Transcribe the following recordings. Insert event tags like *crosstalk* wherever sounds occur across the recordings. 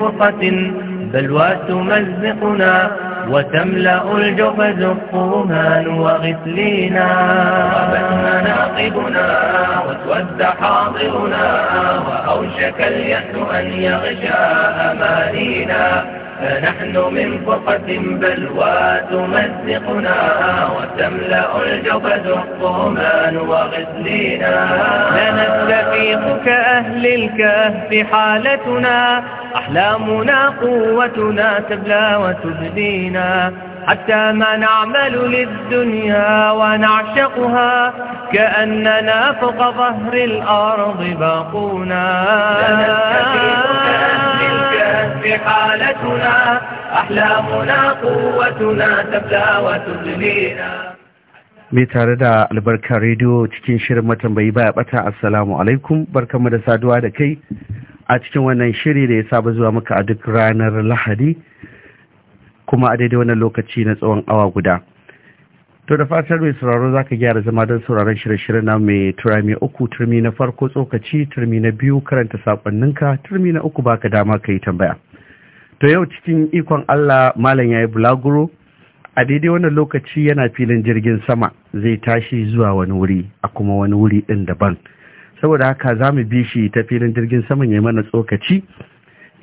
فرقة بل وتمزقنا وتملأ الجفز الطومان وغسلينا غابت مناقبنا وتود حاضرنا وأوشك اليأس أن يغشى أمانينا فنحن من فرقة بل وتمزقنا وتملأ الجفز الطهمان وغسلينا لنا التفيق كأهل الكهف حالتنا أحلامنا قوتنا تبلى وتبدينا حتى ما نعمل للدنيا ونعشقها كأننا فوق ظهر الأرض باقونا حالتنا أحلامنا قوتنا تبلى وتبلينا mai tare da albarka rediyo cikin shirin matambayi baya bata assalamu alaikum barkamu da saduwa da kai a cikin wannan shiri da ya saba zuwa muka a duk ranar lahadi kuma a daidai wannan lokaci na tsawon awa guda to da fatar mai sauraro zaka gyara zama don sauraron shirye-shirye na mai turami uku turmi na farko tsokaci turmi na biyu karanta sakonninka turmi na uku baka dama ka yi tambaya to yau cikin ikon allah malam ya yi bulaguro a daidai wannan lokaci yana filin jirgin sama zai tashi zuwa wani wuri a kuma wani wuri ɗin daban saboda haka za mu bi shi ta filin jirgin saman ya mana tsokaci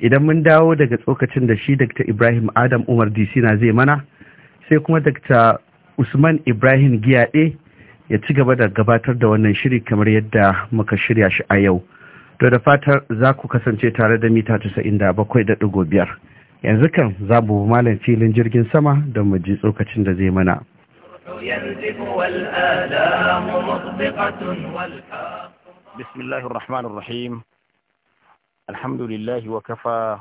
idan mun dawo daga tsokacin da shi dakta ibrahim adam umar dc na zai mana sai kuma dakta usman ibrahim giyaɗe ya ci gaba da gabatar da wannan shiri kamar yadda muka shirya shi a yau to da fatar za ku kasance tare da mita da bakwai biyar, yanzu kan za mu malam filin jirgin sama don mu ji tsokacin da zai mana ينزف والآلام مطبقة بسم الله الرحمن الرحيم الحمد لله وكفى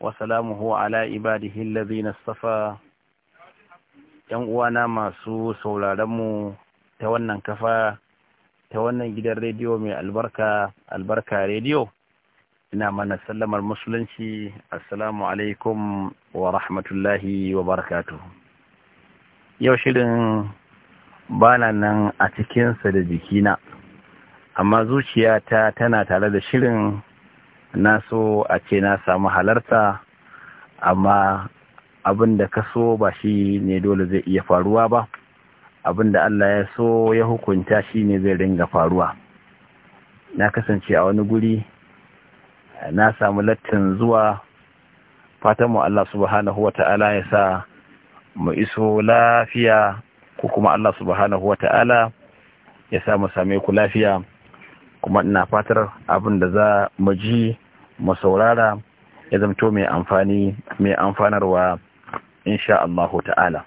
وسلامه على عباده الذين اصطفى yan uwana masu sauraronmu ta wannan kafa ta wannan gidan rediyo mai albarka albarka rediyo ina mana sallamar musulunci assalamu alaikum wa rahmatullahi wa barakatu yau shirin bana nan a cikinsa da jikina amma zuciyata tana tare da shirin na so a ce na samu halarta amma abin da ka so ba shi ne dole zai iya faruwa ba abin da Allah ya so ya hukunta shi ne zai ringa faruwa na kasance a wani guri na samu lattin zuwa fatan mu Allah subhanahu wa ta'ala ya sa mu iso lafiya ko kuma Allah subhanahu wa ta'ala ya sa mu same ku lafiya kuma ina fatar abin da za mu ji mu saurara ya zamto mai amfani mai amfanarwa insha Allah ta'ala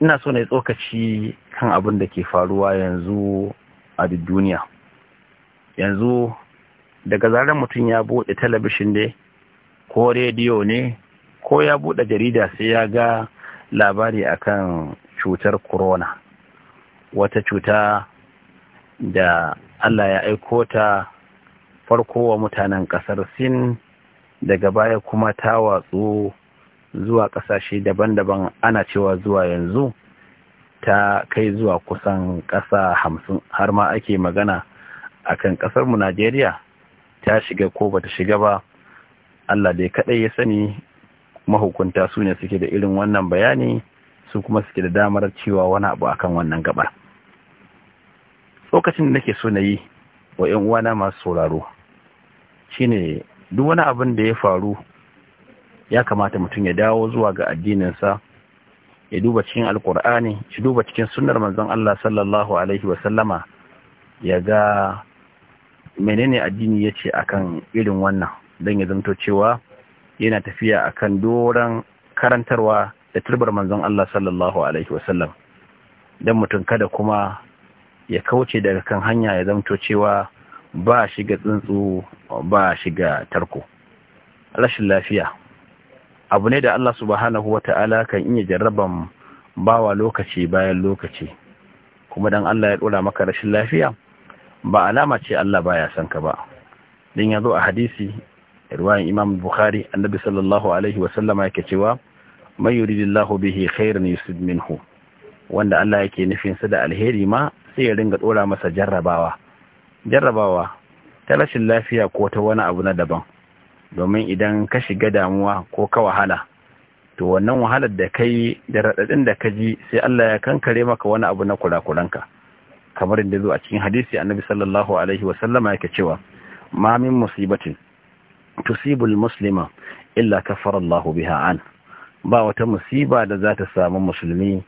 ina so na yi tsokaci kan abin da ke faruwa yanzu a duniya yanzu daga zarar mutum ya buɗe talabishin ne ko rediyo ne ko ya buɗe jarida sai ya ga labari akan cutar corona wata cuta da Allah ya aiko ta farko wa mutanen ƙasar Sin daga baya kuma ta watsu zuwa ƙasashe daban-daban ana cewa zuwa yanzu ta kai zuwa kusan ƙasa hamsin har ma ake magana a kan ƙasarmu Najeriya ta shiga ko ba ta shiga ba Allah dai kaɗai ya sani mahukunta su ne suke da irin wannan bayani. su kuma suke da damar cewa wani abu akan wannan gabar tsokacin da nake so na yi wa 'yan uwana masu sauraro shine duk wani abin da ya faru ya kamata mutum ya dawo zuwa ga addininsa ya duba cikin alkur'ani ya duba cikin sunnar manzon Allah sallallahu alaihi wasallama ya ga menene addini ya ce akan irin wannan don ya zanto cewa yana tafiya akan doron karantarwa da turbar manzon Allah sallallahu alaihi wasallam dan mutum kada kuma ya kauce daga kan hanya ya zamto cewa ba shiga tsuntsu ba shiga tarko rashin lafiya abu ne da Allah subhanahu ta'ala kan iya jarraban bawa lokaci bayan lokaci kuma dan Allah ya ɗora maka rashin lafiya ba alama ce Allah baya san ka ba din zo a hadisi riwayan Imam Bukhari annabi sallallahu alaihi wasallama yake cewa man yuridillahu bihi khairan yusid minhu wanda Allah yake nufin sa da alheri ma sai ya ringa dora masa jarrabawa jarrabawa ta rashin lafiya ko ta wani abu na daban domin idan ka shiga damuwa ko ka wahala to wannan wahalar da kai da radadin da ka ji sai Allah ya kankare maka wani abu na kurakuranka kamar inda zo a cikin hadisi annabi sallallahu alaihi wa sallama yake cewa ma min musibatin tusibul muslima illa kafara Allahu biha an ba wata musiba da za ta samu musulmi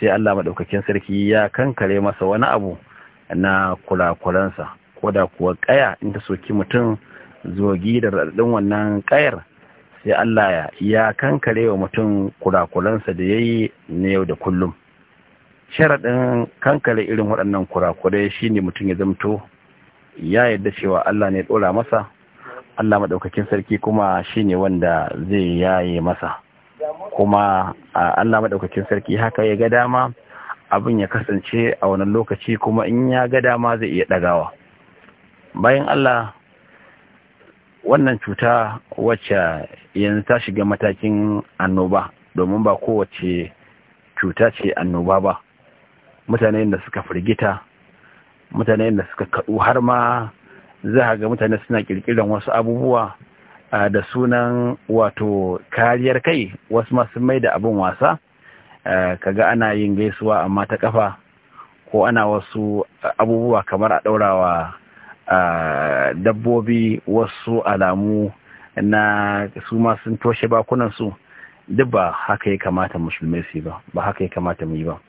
sai Allah maɗaukakin sarki ya kankare masa wani abu na kurakuransa ko da kuwa ƙaya in ta soki mutum zogi da raɗaɗin wannan ƙayar sai Allah ya kankare wa mutum kurakuransa da ya yi na yau da kullum sharaɗin kankare irin waɗannan kurakurai shine mutum ya zamto ya yarda cewa Allah ne ɗora masa Allah maɗaukakin sarki kuma shine wanda zai yaye masa kuma Allah madaukakin sarki haka ya ga dama abin ya kasance a wannan lokaci kuma in ya ga dama zai iya dagawa bayan Allah wannan cuta wacce yanzu ta shiga matakin annoba domin ba kowace cuta ce annoba ba mutane da suka firgita mutane da suka kaɗu har ma za ga mutane suna ƙirƙirar wasu abubuwa da sunan wato kariyar kai wasu masu mai da abin wasa kaga ana yin gaisuwa amma ta kafa ko ana wasu abubuwa kamar a ɗaurawa dabbobi wasu alamu na su ma sun toshe bakunansu duk ba haka ya kamata musulmai su ba ba haka ya kamata mu yi ba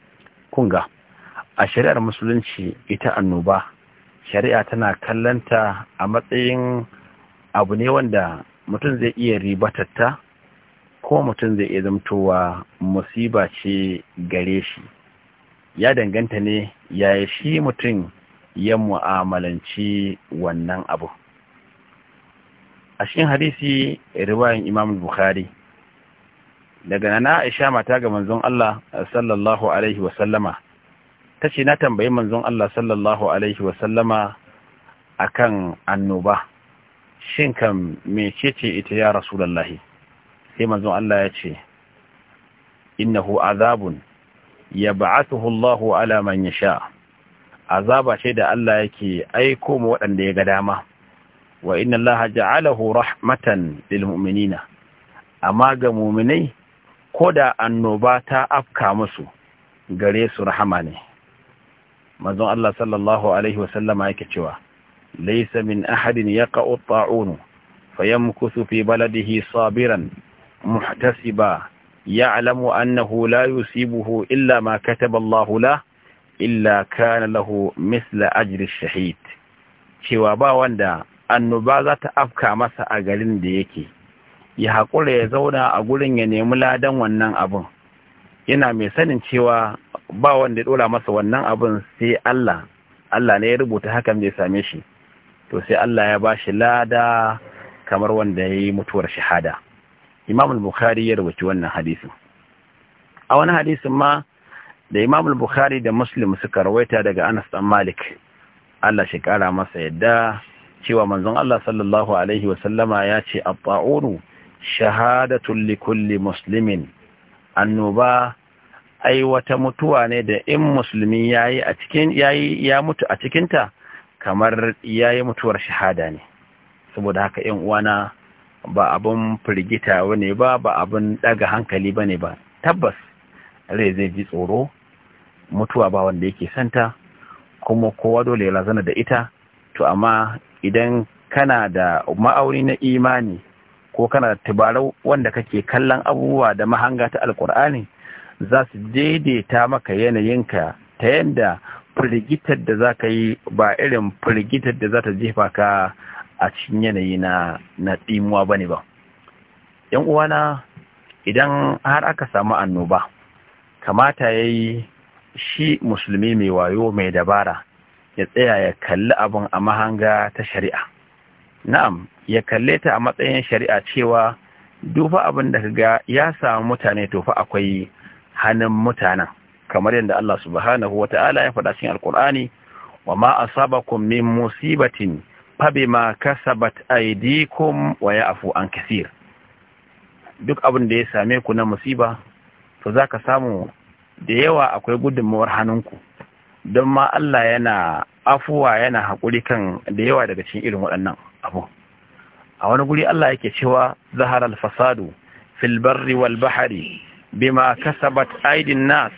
kunga a shari'ar musulunci ita annoba shari'a tana kallanta a matsayin abu ne wanda mutum zai iya ribatatta ko mutum zai iya zamtowa musiba ce gare shi ya danganta ne yaya shi mutum ya mu'amalanci wannan abu a cikin hadisi riwayan imam bukhari daga na aisha mata ga manzon Allah sallallahu alaihi wasallama ta ce na tambayi manzon Allah sallallahu alaihi wasallama akan annoba shin kan mecece ita ya rasulallahi sai manzon Allah ya ce innahu azabun yab'athuhu Allahu ala man yasha azaba ce da Allah yake aiko mu waɗanda ya ga dama wa inna Allaha ja'alahu rahmatan lil mu'minina amma ga mu'minai koda annoba ta afka musu gare su rahama ne manzon Allah sallallahu alaihi wa sallama yake cewa ليس من أحد يقع الطاعون فيمكث في بلده صابرا محتسبا يعلم أنه لا يصيبه إلا ما كتب الله له إلا كان له مثل أجر الشهيد cewa ba wanda annoba za ta afka masa a garin da yake ya haƙura ya zauna a gurin ya nemi ladan wannan abin yana mai sanin cewa ba wanda ya ɗora masa wannan abin sai Allah Allah ne ya rubuta hakan zai same shi to sai Allah ya bashi lada kamar wanda ya yi mutuwar shahada imam al-bukhari ya rubuci wannan hadisin a wani hadisin ma da imam al-bukhari da muslim suka rawaita daga anas ɗan malik Allah shi kara masa yadda cewa manzon Allah sallallahu alaihi wa sallama ya ce at-ta'unu shahadatu li kulli muslimin annoba ai wata mutuwa ne da in musulmi yayi a cikin yayi ya mutu a cikinta kamar ya yi mutuwar shahada ne saboda haka yan uwana ba abin firgita ne ba ba abin ɗaga hankali bane ba tabbas rai zai ji tsoro mutuwa ba wanda yake santa kuma kowa dole ya lazana da ita to amma idan kana da ma'auni na imani ko kana da tubarau wanda kake kallon abubuwa da mahanga ta alkur'ani za su daidaita maka yanayinka ta yadda firgitar da za ka yi ba irin firgitar da za ta jefa ka a cikin yanayi na na ba ne ba yan uwana idan har aka samu annoba kamata ya yi shi musulmi mai wayo mai dabara ya tsaya ya kalli abin a mahanga ta shari'a na'am ya kalle ta a matsayin shari'a cewa dufa abin da ga ya samu mutane tofa akwai hannun mutanen kamar yadda Allah subhanahu wa ta'ala ya faɗa cikin alkur'ani wa ma asabakum min musibatin fabima kasabat aydikum wa afu an kasir duk abin da ya same ku na musiba to zaka samu da yawa akwai gudunmawar hannunku don ma Allah yana afuwa yana haƙuri kan da yawa daga cikin irin waɗannan abu a wani guri Allah yake cewa zahar al-fasadu fil barri wal bahari bima kasabat aydin nas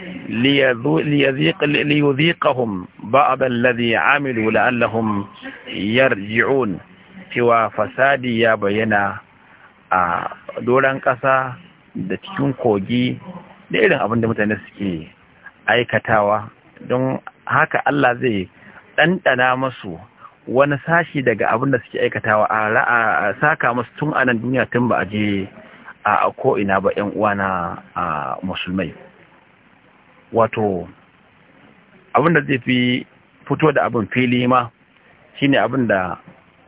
liyuziqahum ba'd alladhi amilu la'allahum yarji'un cewa fasadi ya bayyana a doron ƙasa da cikin kogi da irin abin da mutane suke aikatawa don haka Allah zai ɗanɗana masu wani sashi daga abin da suke aikatawa a saka masu tun anan duniya tun ba a je a ko'ina ba 'yan uwana a musulmai wato abinda zai fi fito da abin fili ma shine abin da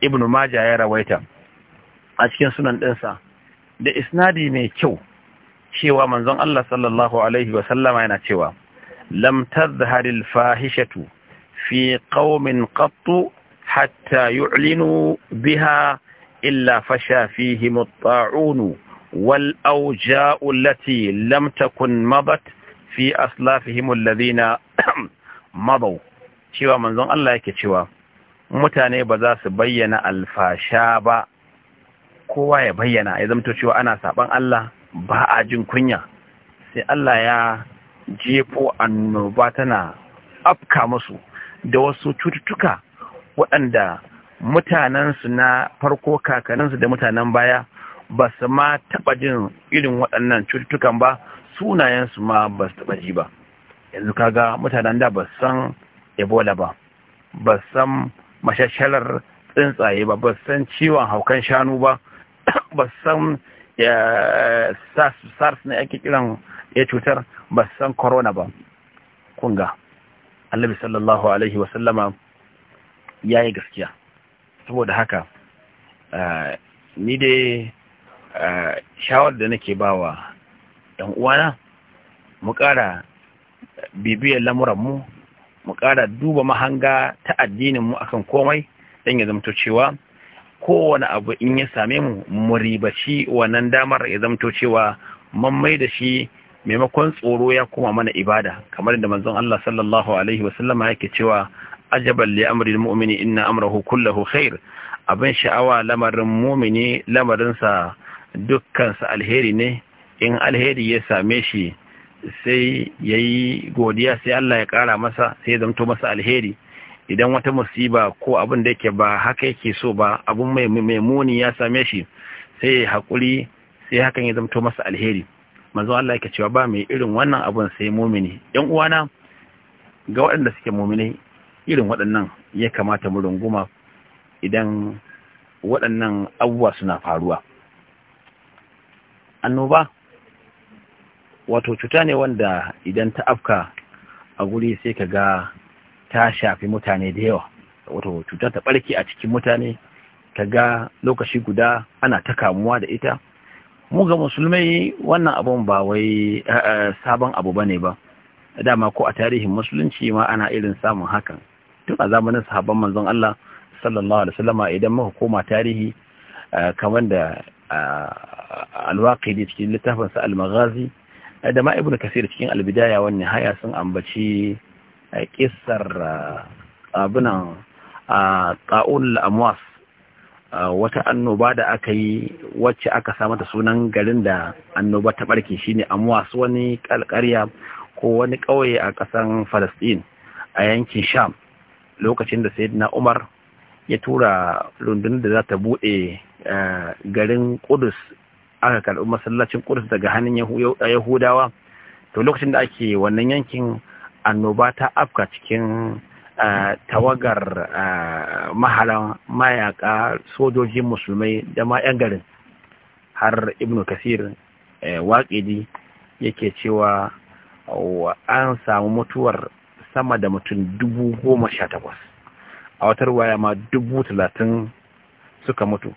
ibn maja ya rawaita a cikin sunan ɗinsa da isnadi mai kyau cewa manzon Allah sallallahu alaihi Wasallama yana cewa lam da al fahishatu fi ƙaumin qattu hatta yu'linu biha illa fasha fihim at-ta'un wal awja'u allati lam takun mabat fi aslafihim alladhina *clears throat* mabaw cewa manzon Allah yake cewa mutane ba za su bayyana alfasha ba kowa ya bayyana ya zamto cewa ana saban Allah ba a jin kunya sai Allah ya jefo annoba tana afka musu da wasu cututtuka waɗanda mutanensu na farko kakanninsu da mutanen baya ba su ma taɓa jin irin waɗannan cututtukan ba sunayensu ma ba su taɓa ji ba yanzu kaga mutanen da ba san ebola ba ba san mashashalar tsuntsaye ba ba san ciwon haukan shanu ba *coughs* ba san sars na ake kiran ya cutar ba san corona ba kunga allabi sallallahu alaihi wasallama ya yi gaskiya saboda haka eh, ni dai eh, shawar da nake bawa ɗan uwana mu ƙara bibiyar lamuranmu mu ƙara duba mahanga ta addininmu akan komai don ya zamto cewa kowane abu in ya same mu mu ribaci wannan damar ya zamto cewa mammai da shi maimakon tsoro ya koma mana ibada kamar da manzon Allah sallallahu alaihi wasallama yake cewa ajabal li amri mu'mini inna amrahu kulluhu khair abin sha'awa lamarin mu'mini lamarinsa dukkansa alheri ne in alheri ya same shi sai ya yi godiya sai Allah ya kara masa sai ya zamto masa alheri idan wata musiba ko abin da yake ba haka yake so ba abin mai muni ya same shi sai ya haƙuri sai hakan ya zamto masa alheri manzo Allah yake cewa ba mai irin wannan abin sai mumini yan uwana ga waɗanda suke mumini irin waɗannan ya kamata mu runguma idan waɗannan abubuwa suna faruwa annoba wato cuta ne wanda idan ta afka a guri sai ka ga ta shafi mutane da yawa wato cuta ta ɓarke a cikin mutane ka ga lokaci guda ana ta kamuwa da ita mu ga musulmai wannan abun ba wai eh, eh, sabon abu bane ba dama ko a tarihin musulunci ma ana irin samun hakan tun a zamanin sahabban manzon Allah sallallahu alaihi wasallama idan muka koma tarihi eh, kamar da alwaqidi cikin littafinsa al-maghazi da ma ibnu kasir cikin albidaya wani nihaya sun ambaci eh, kissar eh, abunan eh, ta'ul amwas wata annoba da aka yi wacce aka sa mata sunan garin da annoba ta barke shine amwas wani kalkarya ko wani ƙauye a ƙasan falastin a yankin sham lokacin da sayyidina umar ya tura rundunar da za ta buɗe garin kudus aka karɓi masallacin ƙudus daga hannun Yahudawa to lokacin da ake wannan yankin annoba ta afka cikin eh, tawagar eh, mahalan mayaka sojojin musulmai da ma 'yan garin har ibnu kasir eh, waƙidi yake cewa an samu mutuwar sama da mutum dubu goma sha takwas a watar waya ma dubu talatin suka mutu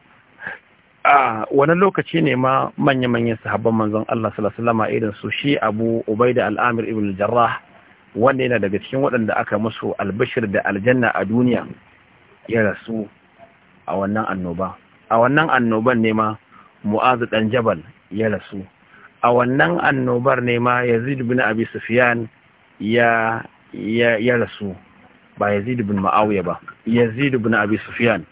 a wani lokaci ne ma manya-manyan sahabban manzon Allah sallallahu alaihi irin su shi Abu Ubaida al-Amir ibn al-Jarrah wanda yana daga cikin waɗanda aka musu albishir da aljanna a duniya ya rasu a wannan annoba a wannan annoban ne ma Mu'az dan Jabal ya rasu a wannan annobar ne ma Yazid bin Abi Sufyan ya ya rasu ba Yazid bin Muawiya ba Yazid bin Abi Sufyan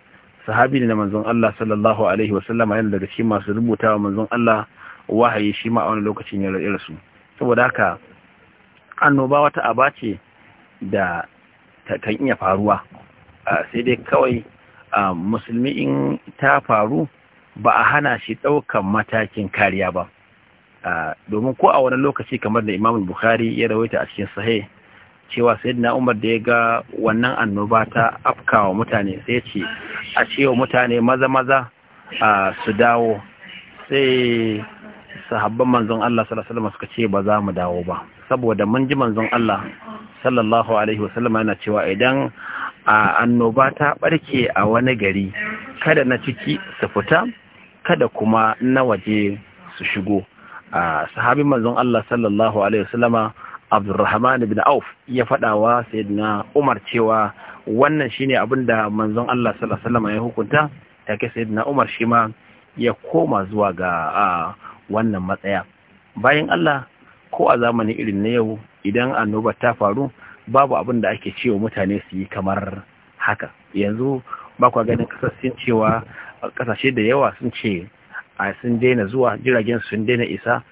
sahabi ne na manzon Allah sallallahu alaihi wasallama yana daga cikin masu rubuta wa manzon Allah wahayi shi ma a wani lokacin ya rasu saboda haka annoba wata aba ce da kan iya faruwa sai dai kawai musulmi in ta faru ba a hana shi ɗaukan matakin kariya ba domin ko a wani lokaci kamar da imamul bukhari ya rawaita a cikin sahih cewa na umar da ya ga wannan annoba ta afkawa mutane sai ce a cewa mutane maza maza a su dawo sai sahabban manzon Allah sallallahu alaihi suka ce ba za mu dawo ba saboda mun ji manzon Allah sallallahu yana cewa idan a annoba ta barke a wani gari kada na ciki su fita kada kuma na waje su shigo sahabin manzon Allah sallallahu Abdulrahman ibn auf ya faɗawa sayyidina umar cewa wannan shine abin da manzon Allah sallallahu alaihi wasallam ya hukunta take sayyidina umar shi ma ya koma zuwa ga wannan matsaya bayan Allah ko a zamani irin na yau idan annoba ta faru babu abin da ake cewa mutane su yi kamar haka yanzu ba kwa ganin kasar sun cewa kasashe da yawa sun ce a sun daina zuwa jiragen sun daina isa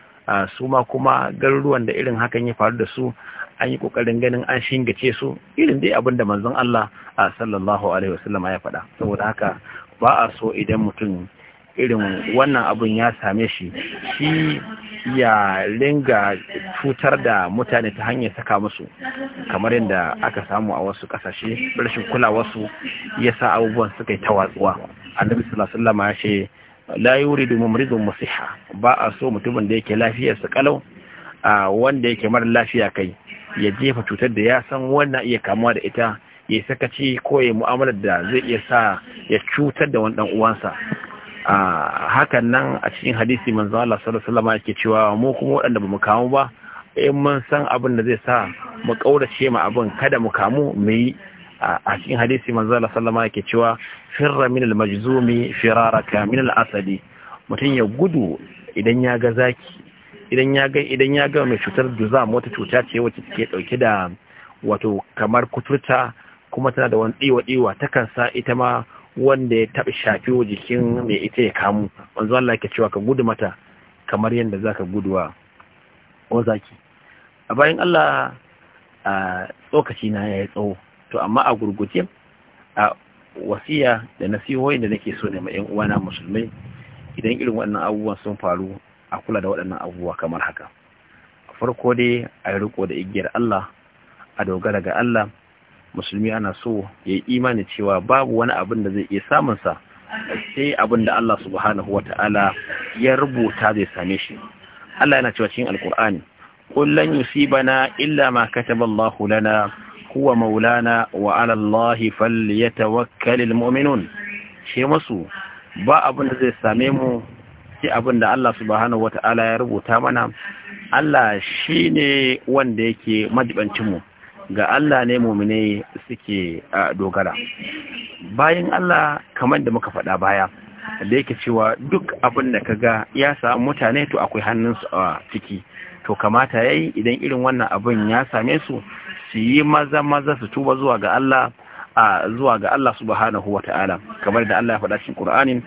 su ma kuma garuruwan da irin hakan ya faru da su an yi kokarin ganin an shingace su irin dai abin da manzon Allah sallallahu alaihi wasallam ya faɗa saboda haka ba a so idan mutum irin wannan abun ya same shi shi ya ringa cutar da mutane ta hanyar saka musu kamar yadda aka samu a wasu kasashe rashin wasu ya sa abubuwan suka yi tawatsuwa annabi sallallahu alaihi wasallam ya ce la domin mumridun masiha ba a so mutumin da yake lafiyarsa kalau a wanda yake mara lafiya kai ya jefa cutar da ya san wannan iya kamuwa da ita ya sakaci ko ya mu'amalar da zai iya sa ya cutar da wani dan uwansa a hakan nan a cikin hadisi manzo Allah sallallahu alaihi wasallam yake cewa mu kuma waɗanda bamu kamu ba in mun san abin da zai sa mu kaurace ma abin kada mu kamu mu yi a cikin hadisi manzo Allah sallama yake cewa firra min al-majzumi firaraka min al-asadi mutum ya gudu idan ya ga zaki idan ya ga idan ya ga mai cutar duza wata cuta ce wacce take dauke da wato kamar kuturta kuma tana da wani diwa diwa takan sa ita ma wanda ya taɓa shafi jikin mai ita ya kamu manzo Allah yake cewa ka gudu mata kamar yadda zaka ka guduwa wa zaki a bayan Allah a tsokaci na ya yi tsawo to amma a gurguje a wasiya da nasihohin da nake so ne ma yan uwana musulmai idan irin waɗannan abubuwan sun faru a kula da waɗannan abubuwa kamar haka farko dai a yi riko da igiyar Allah a dogara ga Allah musulmi ana so ya yi imani cewa babu wani abin da zai iya samun sa sai abin da Allah subhanahu wa ta'ala ya rubuta zai same shi Allah yana cewa cikin alkur'ani kullun yusibana illa ma kataballahu lana huwa maulana wa ala ya tawakkalil mu'minun she masu ba abin da zai same mu ki abin da Allah subhanahu ta'ala ya rubuta mana Allah shi ne wanda yake majibancinmu mu ga Allah ne mu'mine suke dogara bayan Allah kamar da muka faɗa baya da yake cewa duk abin da ka ga. ya samu mutane to akwai hannunsu a ciki to kamata ya yi idan irin wannan abin ya same su su yi maza maza su tuba zuwa ga Allah a zuwa ga Allah subhanahu wa ta'ala kamar da Allah ya faɗa cikin Qur'anin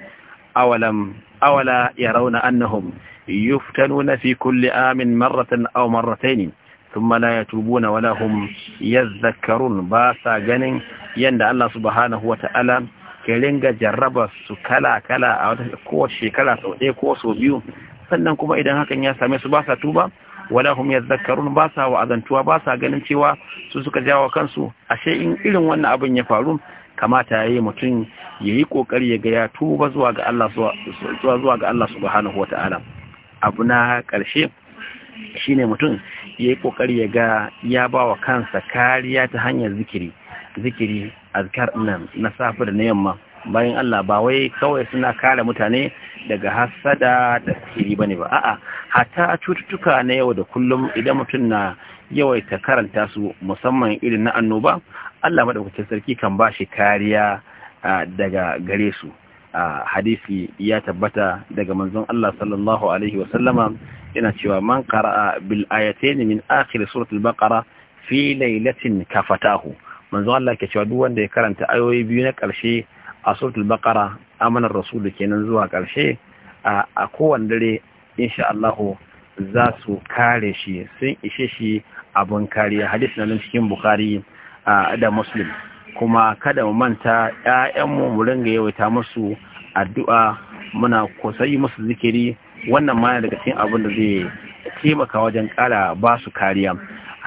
awalam awala yarawna annahum yuftanuna fi kulli amin marratan aw marratayn thumma la yatubuna wala hum yadhakkarun ba sa ganin yanda Allah subhanahu wa ta'ala ke ringa jarraba su kala kala a wata kowace shekara sau ɗaya ko sau biyu sannan kuma idan hakan ya same su ba sa tuba wala hum yadhakkarun ba sa wa'azantuwa ba sa ganin cewa su suka jawo kansu ashe in irin wannan abin ya faru kamata yayi mutum yayi kokari ya ga ya tuba zuwa ga Allah zuwa zuwa ga Allah subhanahu wata'ala abu na karshe shine mutum yayi kokari ya ga ya bawa kansa kariya ta hanyar zikiri zikiri azkar nan na safi da na yamma bayan Allah ba wai kawai suna kare mutane daga hasada da sihiri bane ba a'a hatta cututtuka na yau da kullum idan mutum na yawaita karanta su musamman irin na annoba Allah madaukakin sarki kan ba shi kariya daga gare su hadisi ya tabbata daga manzon Allah sallallahu alaihi wasallama yana cewa man qara'a bil ayatayn min akhir surati al-baqara fi laylatin kafatahu manzon Allah ke cewa duk wanda ya karanta ayoyi biyu na karshe a suratul bakara amanar rasulu kenan zuwa ƙarshe, a kowane dare insha Allah za su kare shi sun ishe shi abin kariya hadis na nan cikin bukari da muslim kuma kada mu manta ƴaƴanmu mu ringa yawaita musu addu'a muna kosayi musu zikiri wannan ma daga cikin abin da zai taimaka wajen ƙara ba su kariya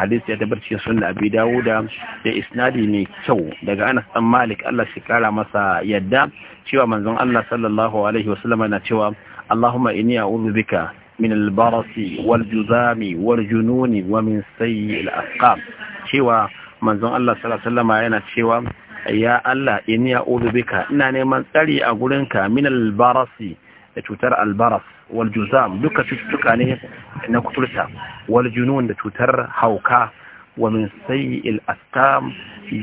hadis ya tabbata cikin sunna abi dawuda da isnadi ne kyau daga anas dan malik Allah shi kara masa yadda cewa manzon Allah sallallahu alaihi wasallam na cewa Allahumma inni a'udhu bika min al-barasi wal juzami wal jununi wa min sayyi al cewa manzon Allah sallallahu alaihi wasallam yana cewa ya Allah inni a'udhu bika ina neman tsari a gurinka min al-barasi da cutar al-baras waljuzam duka cututtuka ne na kuturta wal da cutar hauka wa min sayyi'il asqam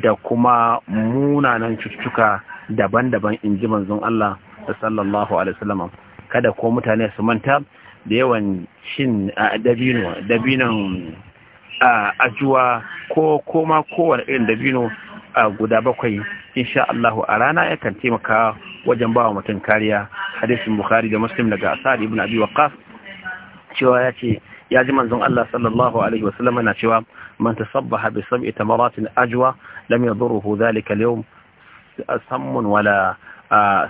da kuma munanan cututtuka daban-daban in ji manzon Allah sallallahu alaihi wasallam kada ko mutane su manta da yawan shin dabino ajuwa ko koma kowar irin dabino guda bakwai insha a rana yakan taimaka wajen bawa mutum kariya hadisin bukhari da muslim daga asad ibn abi waqas cewa ya ce ya ji manzon Allah sallallahu alaihi na cewa man tasabbaha bi sab'i tamaratin ajwa lam yadurruhu dhalika al-yawm sammun wala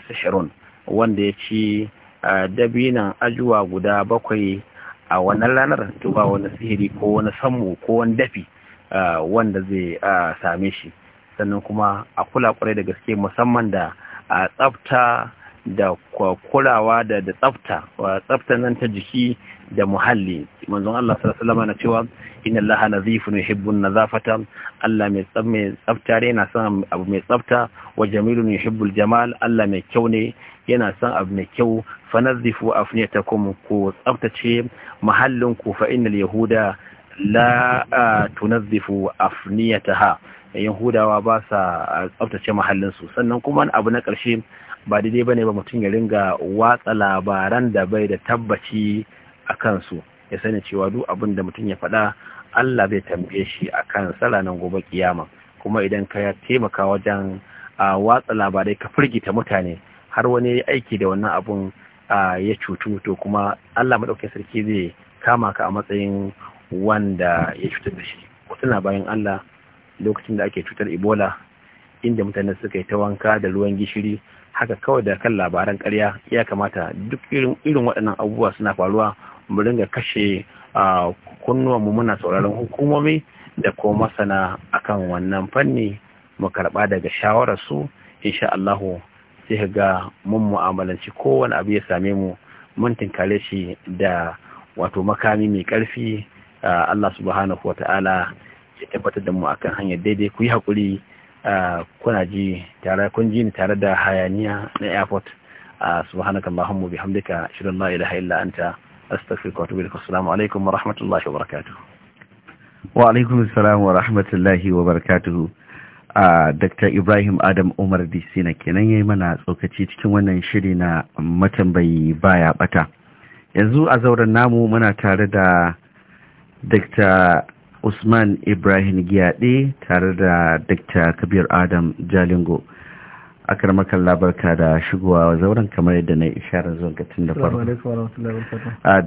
sihrun wanda ya ci dabinan ajuwa guda bakwai a wannan ranar to ba wani sihiri ko wani sammu ko wani dafi wanda zai same shi sannan kuma a kula kwarai da gaske musamman da a tsafta da kulawa da da tsafta wa tsafta nan ta jiki da muhalli manzon Allah sallallahu alaihi wasallam na cewa inna Allah nazifun yuhibbun nazafata Allah mai tsafta ne yana son abu mai tsafta wa jamilun yuhibbul jamal Allah mai kyau ne yana son abu mai kyau fanazzifu afniyatakum ku tsaftace muhallin ku fa innal yahuda la tunazzifu afniyataha yahudawa ba sa tsaftace mahallin su sannan kuma abu na ƙarshe ba daidai bane ba mutum ya ringa watsa labaran da bai da tabbaci a kansu ya sani cewa duk abin da mutum ya faɗa Allah bai tambaye shi a kan salanan gobe kiyama kuma idan ka taimaka wajen watsa labarai ka firgita mutane har wani aiki da wannan abun ya cutu to kuma Allah maɗaukin sarki zai kama ka a matsayin wanda ya cutar da shi na bayan Allah lokacin da ake cutar Ebola inda mutane suka yi ta wanka da ruwan gishiri haka kawai da kan labaran karya ya kamata duk irin waɗannan abubuwa suna faruwa mu ringa kashe kunnuwan mu muna sauraron hukumomi da ko masana akan wannan fanni mu karɓa daga shawarar su sha Allahu sai ga mun mu'amalanci kowane abu ya same mu mun tinkare shi da wato makami mai ƙarfi Allah subhanahu wa ta'ala ya tabbatar da mu akan hanyar daidai ku yi haƙuri kuna ji tare kun ji ni tare da hayaniya na airport subhanaka allahumma bihamdika ashhadu an la ilaha illa anta astaghfiruka wa atubu ilaik assalamu alaikum wa rahmatullahi wa barakatuh wa alaikum assalam wa rahmatullahi wa barakatuh a Dr. Ibrahim Adam Umar Disina kenan yayi mana tsokaci cikin wannan shiri na matambayi baya bata yanzu a zauren namu muna tare da Dr. Usman Ibrahim Giyaɗe tare da Dr. Kabir Adam Jalingo. a karmakan labarka da shigowa zauren kamar yadda na isharar zuwa tun da farko.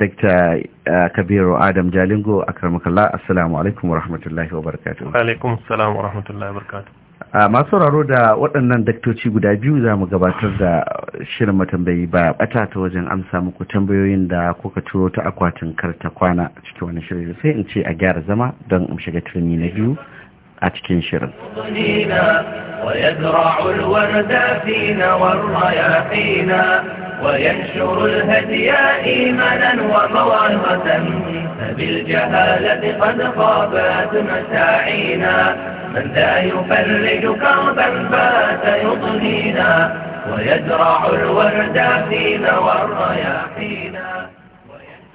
Dr. Kabiru Adam Jalingo a karmakan la, Assalamu alaikum wa rahmatullahi wa barakatuhu. Alaikum salam wa rahmatullahi wa barakatuhu. a masu raro da waɗannan daktoci guda biyu za mu gabatar da shirin matambayi ba bata ta wajen amsa muku tambayoyin da kuka turo ta akwatin karta kwana cikin wani shirin sai in ce a gyara zama don in shiga turmi na biyu a cikin shirin وينشر الهدي إيمانا وموعظة فبالجهالة قد خابت مساعينا من لا يفرج كربا بات يطهينا ويزرع الورد فينا والرياحينا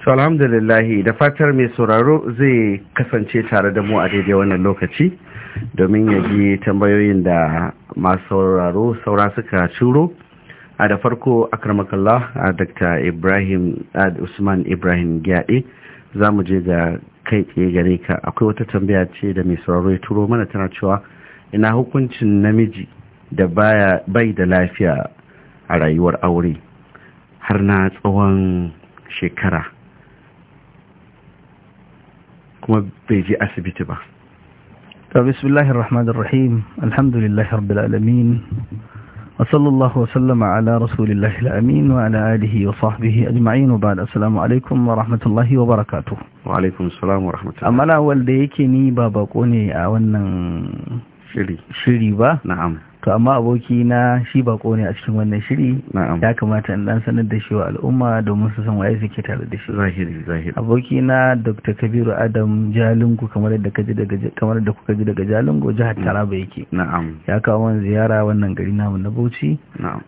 To alhamdulillah da fatar mai sauraro zai kasance tare da mu a daidai wannan lokaci domin ya ji tambayoyin da masu sauraro saura suka ciro. A da farko akramakallah a Dr. Ibrahim Usman Ibrahim Gyaɗe za mu je ga kai tsaye gare ka akwai wata tambaya ce da mai sauraro ya turo mana tana cewa ina hukuncin namiji da baya bai da lafiya a rayuwar aure har na tsawon shekara kuma bai je asibiti ba. bismillahir rahmanir rahim alhamdulillahi rabbil alamin وصلى الله وسلم على رسول الله الأمين وعلى آله وصحبه أجمعين وبعد السلام عليكم ورحمة الله وبركاته وعليكم السلام ورحمة الله أما الأول ديكني بابا قوني أولا شري شري با نعم to amma aboki na shi bako ne a cikin wannan shiri ya kamata in dan sanar da shi wa al'umma domin su san waye suke tare da shi zahiri zahiri aboki na Dr. Kabiru Adam Jalingu kamar da kaji daga kamar da kuka ji daga Jalingo jihar Taraba yake na'am ya kawo mana ziyara wannan gari namu na Bauchi na'am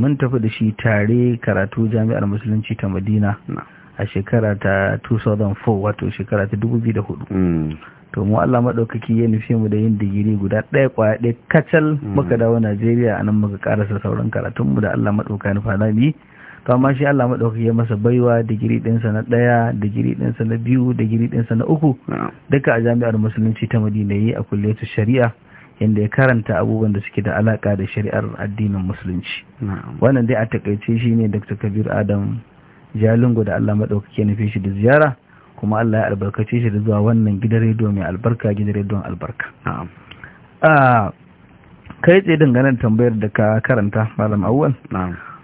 mun tafi da shi tare karatu Jami'ar Musulunci ta Madina na'am a shekara ta 2004 wato shekara ta 2004 mm. to mu Allah maɗaukaki ya nufi mu da yin digiri guda ɗaya kwaya ɗaya kacal mm. muka dawo Najeriya a nan muka karasa sauran karatun mu da Allah maɗauka nufa na biyu to amma shi Allah maɗaukaki ya masa baiwa digiri ɗinsa na ɗaya digiri ɗinsa na biyu digiri ɗinsa na uku duka a jami'ar musulunci ta Madina yi a kulliyar shari'a yadda ya karanta abubuwan da suke da alaka da shari'ar addinin musulunci wannan dai a takaice shine Dr. Kabir Adam jalingo da Allah maɗaukake nufi shi da ziyara kuma Allah ya albarkace shi da zuwa wannan gidan rediyo mai albarka gidan rediyon albarka kai tsaye dangane tambayar da ka karanta malam awwal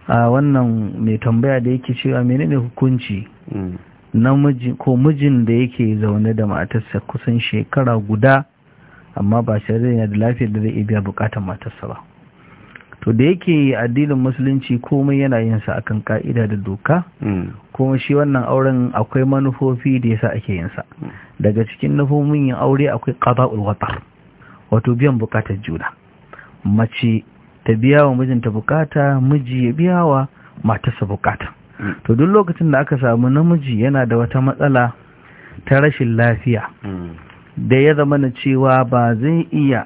a wannan mai tambaya da yake cewa menene hukunci mm. namiji ko mijin da yake zaune da matarsa kusan shekara guda amma ba shari'a da lafiyar da zai iya biya bukatar matarsa ba to da yake addinin musulunci komai yana yin sa akan ka'ida da doka hmm. kuma shi wannan auren akwai manufofi da yasa ake yin sa hmm. daga cikin nufofin yin aure akwai qada'ul watar wato biyan bukatar juna mace ta biya wa mijinta bukata miji ya biya wa matarsa bukata hmm. to duk lokacin da aka samu namiji yana da wata matsala ta rashin lafiya da ya zama na cewa ba zai iya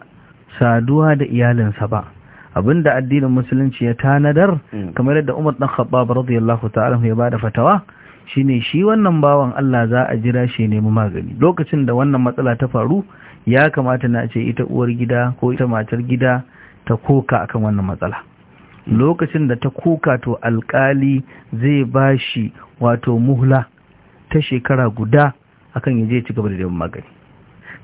saduwa da iyalinsa ba abinda addinin musulunci ya tanadar hmm. kamar yadda Umar dan Khattab radiyallahu ta'ala ya bada fatawa shine shi wannan bawan Allah za a jira shi nemi magani lokacin da wannan matsala ta faru ya kamata na ce ita uwar gida ko ita matar gida ta koka akan wannan matsala lokacin da ta koka to alkali zai bashi wato muhla ta shekara guda akan ya je ci gaba da neman magani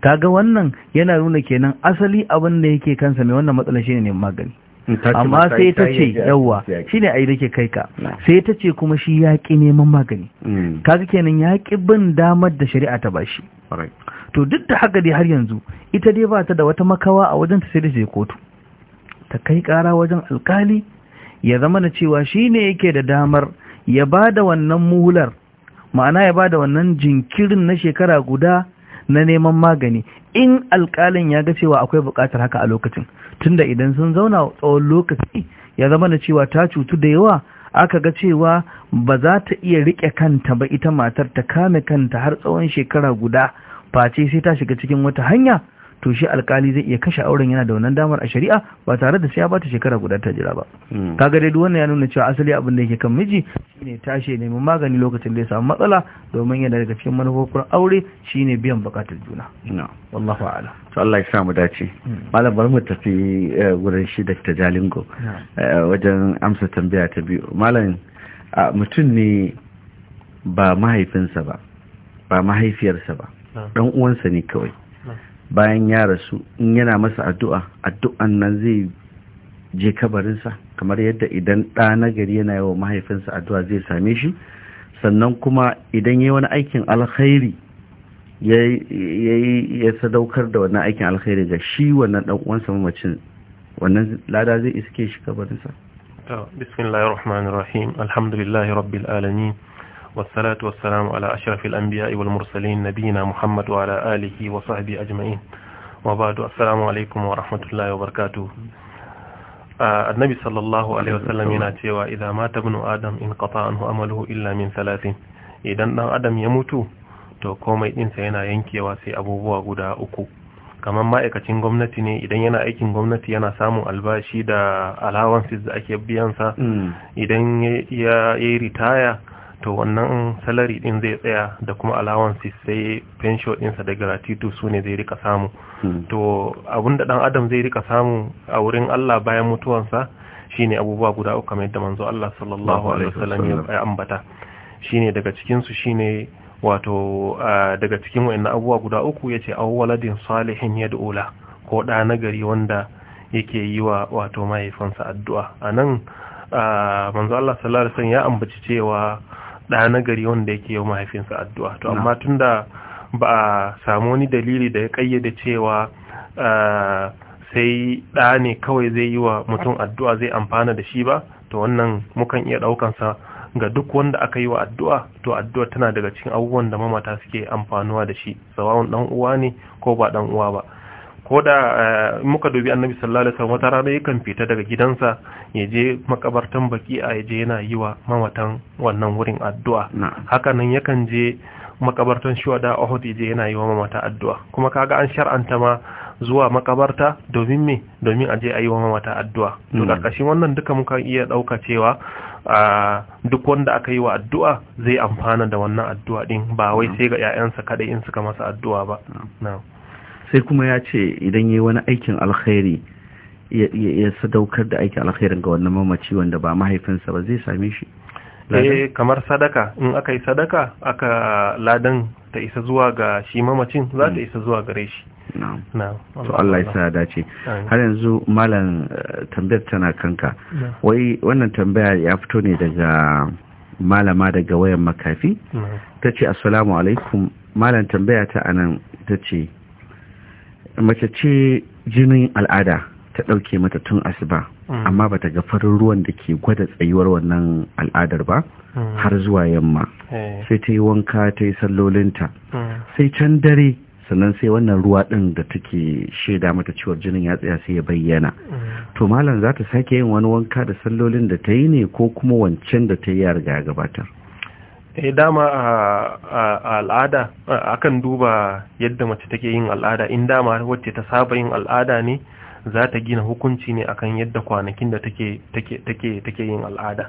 kaga wannan yana nuna kenan asali abin da yake kansa mai wannan matsala shine neman magani amma sai ta ce yawa shi ne ai dake kai ka sai ta ce kuma shi ya neman magani hmm. kaga kenan ya bin damar da shari'a ta bashi to duk da haka dai har yanzu ita dai ba ta da wata makawa a wajen ta sai da kotu ta kai ƙara wajen alkali ya zama na cewa shi ne yake da damar ya ba da wannan muhular ma'ana ya ba da wannan jinkirin na shekara guda na neman magani in alkalin ya ga cewa akwai bukatar haka a lokacin tunda idan sun zauna tsawon lokaci ya zama na cewa ta cutu da yawa aka ga cewa ba za ta iya rike kanta ba ita matar ta kame kanta har tsawon shekara guda face sai ta shiga cikin wata hanya to shi alkali zai iya kashe auren yana da wannan damar a shari'a ba tare da sai ya bata shekara guda ta jira ba hmm. kaga dai duk wannan ya nuna cewa asali abin da yake kan miji shine tashi neman magani lokacin da ya samu matsala domin yana daga cikin manufofin aure shine biyan bukatar juna wallahu a'lam to Allah ya samu dace hmm. malam bar mu tafi gurin eh, shi Dr. Jalingo eh, wajen amsa tambaya ta biyu malam mutum ne ba mahaifinsa ba ba mahaifiyarsa ba dan uwansa ne kawai bayan ya rasu in yana masa addu'a addu'an nan zai je kabarinsa kamar yadda idan ɗa na gari yana yawa mahaifinsa addu'a zai same shi sannan kuma idan yi wani aikin alkhairi ya sadaukar da wannan aikin alkhairi ga shi wannan ɗan uwansa mamacin wannan lada zai iske shi kabarinsa bismillahir rahmanir rahim alhamdulillahi rabbil alamin والصلاة والسلام على أشرف الأنبياء والمرسلين نبينا محمد وعلى آله وصحبه أجمعين وبعد السلام عليكم ورحمة الله وبركاته النبي صلى الله عليه وسلم يناتي وإذا مات ابن آدم انقطع عنه أمله إلا من ثلاث إذا آدم يموت to komai ɗinsa yana yankewa sai abubuwa guda uku kamar ma'aikacin gwamnati ne idan yana aikin gwamnati yana samun albashi da allowances da ake biyansa idan ya yi ritaya to wannan salari din zai tsaya da kuma allowance sai pension ɗinsa da gratuity su ne zai rika samu hmm. to da dan adam zai rika samu a wurin Allah bayan mutuwansa shine abubuwa guda uku kamar yadda manzo Allah sallallahu alaihi wasallam ya ambata shine daga cikin su shine wato daga cikin wayannan abubuwa guda uku yace awwaladin salihin yad'u la ko da nagari wanda yake yi wa wato mahaifinsa addu'a anan manzo Allah sallallahu alaihi wasallam ya ambaci cewa ɗa na gari wanda yake yau mahaifinsa addu'a to amma tunda ba a samu wani dalili da ya kayyade cewa sai ɗa ne kawai zai yi wa mutum addu'a zai amfana da shi ba to wannan mukan iya ɗaukansa ga duk wanda aka yi wa addu'a to addu'a tana daga cikin abubuwan da mamata suke amfanuwa da shi sawawun ɗan uwa ne ko ba ɗan uwa ba ko da eh, muka dubi annabi sallallahu alaihi wasallam wata rana yakan fita daga gidansa ya je makabartan baki a je yana yi wa mamatan wannan wurin addu'a haka nan yakan je makabartan shuhada Uhud je yana yi wa mamata addu'a kuma kaga an shar'anta ma zuwa makabarta domin me domin a je a yi wa mamata addu'a to karkashin hmm. wannan duka muka iya dauka cewa duk wanda aka yi wa addu'a zai amfana da wannan addu'a din ba wai sai ga 'ya'yansa kadai in suka masa addu'a ba na'am sai kuma ya ce idan yi wani aikin alkhairi ya sadaukar da aikin alkhairin ga wannan mamaci wanda ba mahaifinsa ba zai same shi eh kamar sadaka in aka yi sadaka aka ladan ta isa zuwa ga shi mamacin za ta hmm. isa zuwa gare shi to Allah ya sa dace har yanzu malam eh, tambayar tana kanka wai wannan tambaya ya fito ne daga malama daga wayan makafi ta ce assalamu alaikum malam tambaya ta anan ta ce mace ce jinin al'ada ta ɗauke mata tun asuba hmm. amma bata ga farin ruwan da ke gwada tsayuwar wannan al'adar ba hmm. har zuwa yamma eh. sai ta yi wanka ta yi sallolinta hmm. sai can dare sannan sai wannan ruwa ɗin da take shaida mata cewar jinin ya tsaya sai ya bayyana to malam za ta sake yin wani wanka da sallolin da ta yi ne ko kuma wancan da ta yi ya riga gabatar eh dama a al'ada akan duba yadda mace take yin al'ada in dama wacce ta saba yin al'ada ne za ta gina hukunci ne akan yadda kwanakin da take take yin al'ada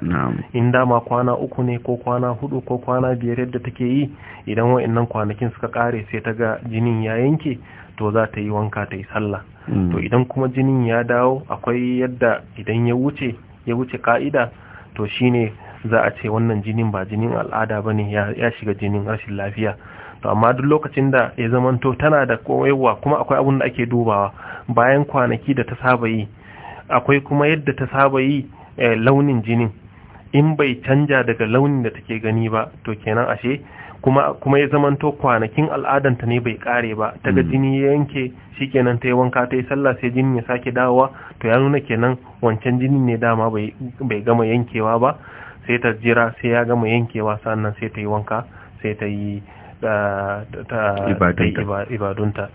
in dama kwana uku ne ko kwana hudu ko kwana biyar yadda take yi idan wa'annan kwanakin suka kare sai ta ga jinin ya yanke to za ta yi wanka ta yi sallah mm. to idan kuma jinin ya dawo akwai yadda idan ya wuce ya wuce ka'ida to shine za a ce wannan jinin ba jinin al'ada ba ne ya shiga jinin rashin lafiya to amma duk lokacin da ya zamanto tana da koyarwa kuma akwai abin da ake dubawa bayan kwanaki da ta saba yi akwai kuma yadda ta saba yi eh, launin jinin in bai canja daga launin da take gani ba to kenan ashe kuma kuma ya zamanto kwanakin al'adanta ne bai kare ba daga hmm. jini ya yanke shikenan ta yi wanka ta yi sallah sai jinin ya sake dawowa to ya nuna kenan wancan jinin ne dama bai gama yankewa ba sai ta jira sai ya gama yankewa sannan sai ta yi wanka sai ta yi ibadunta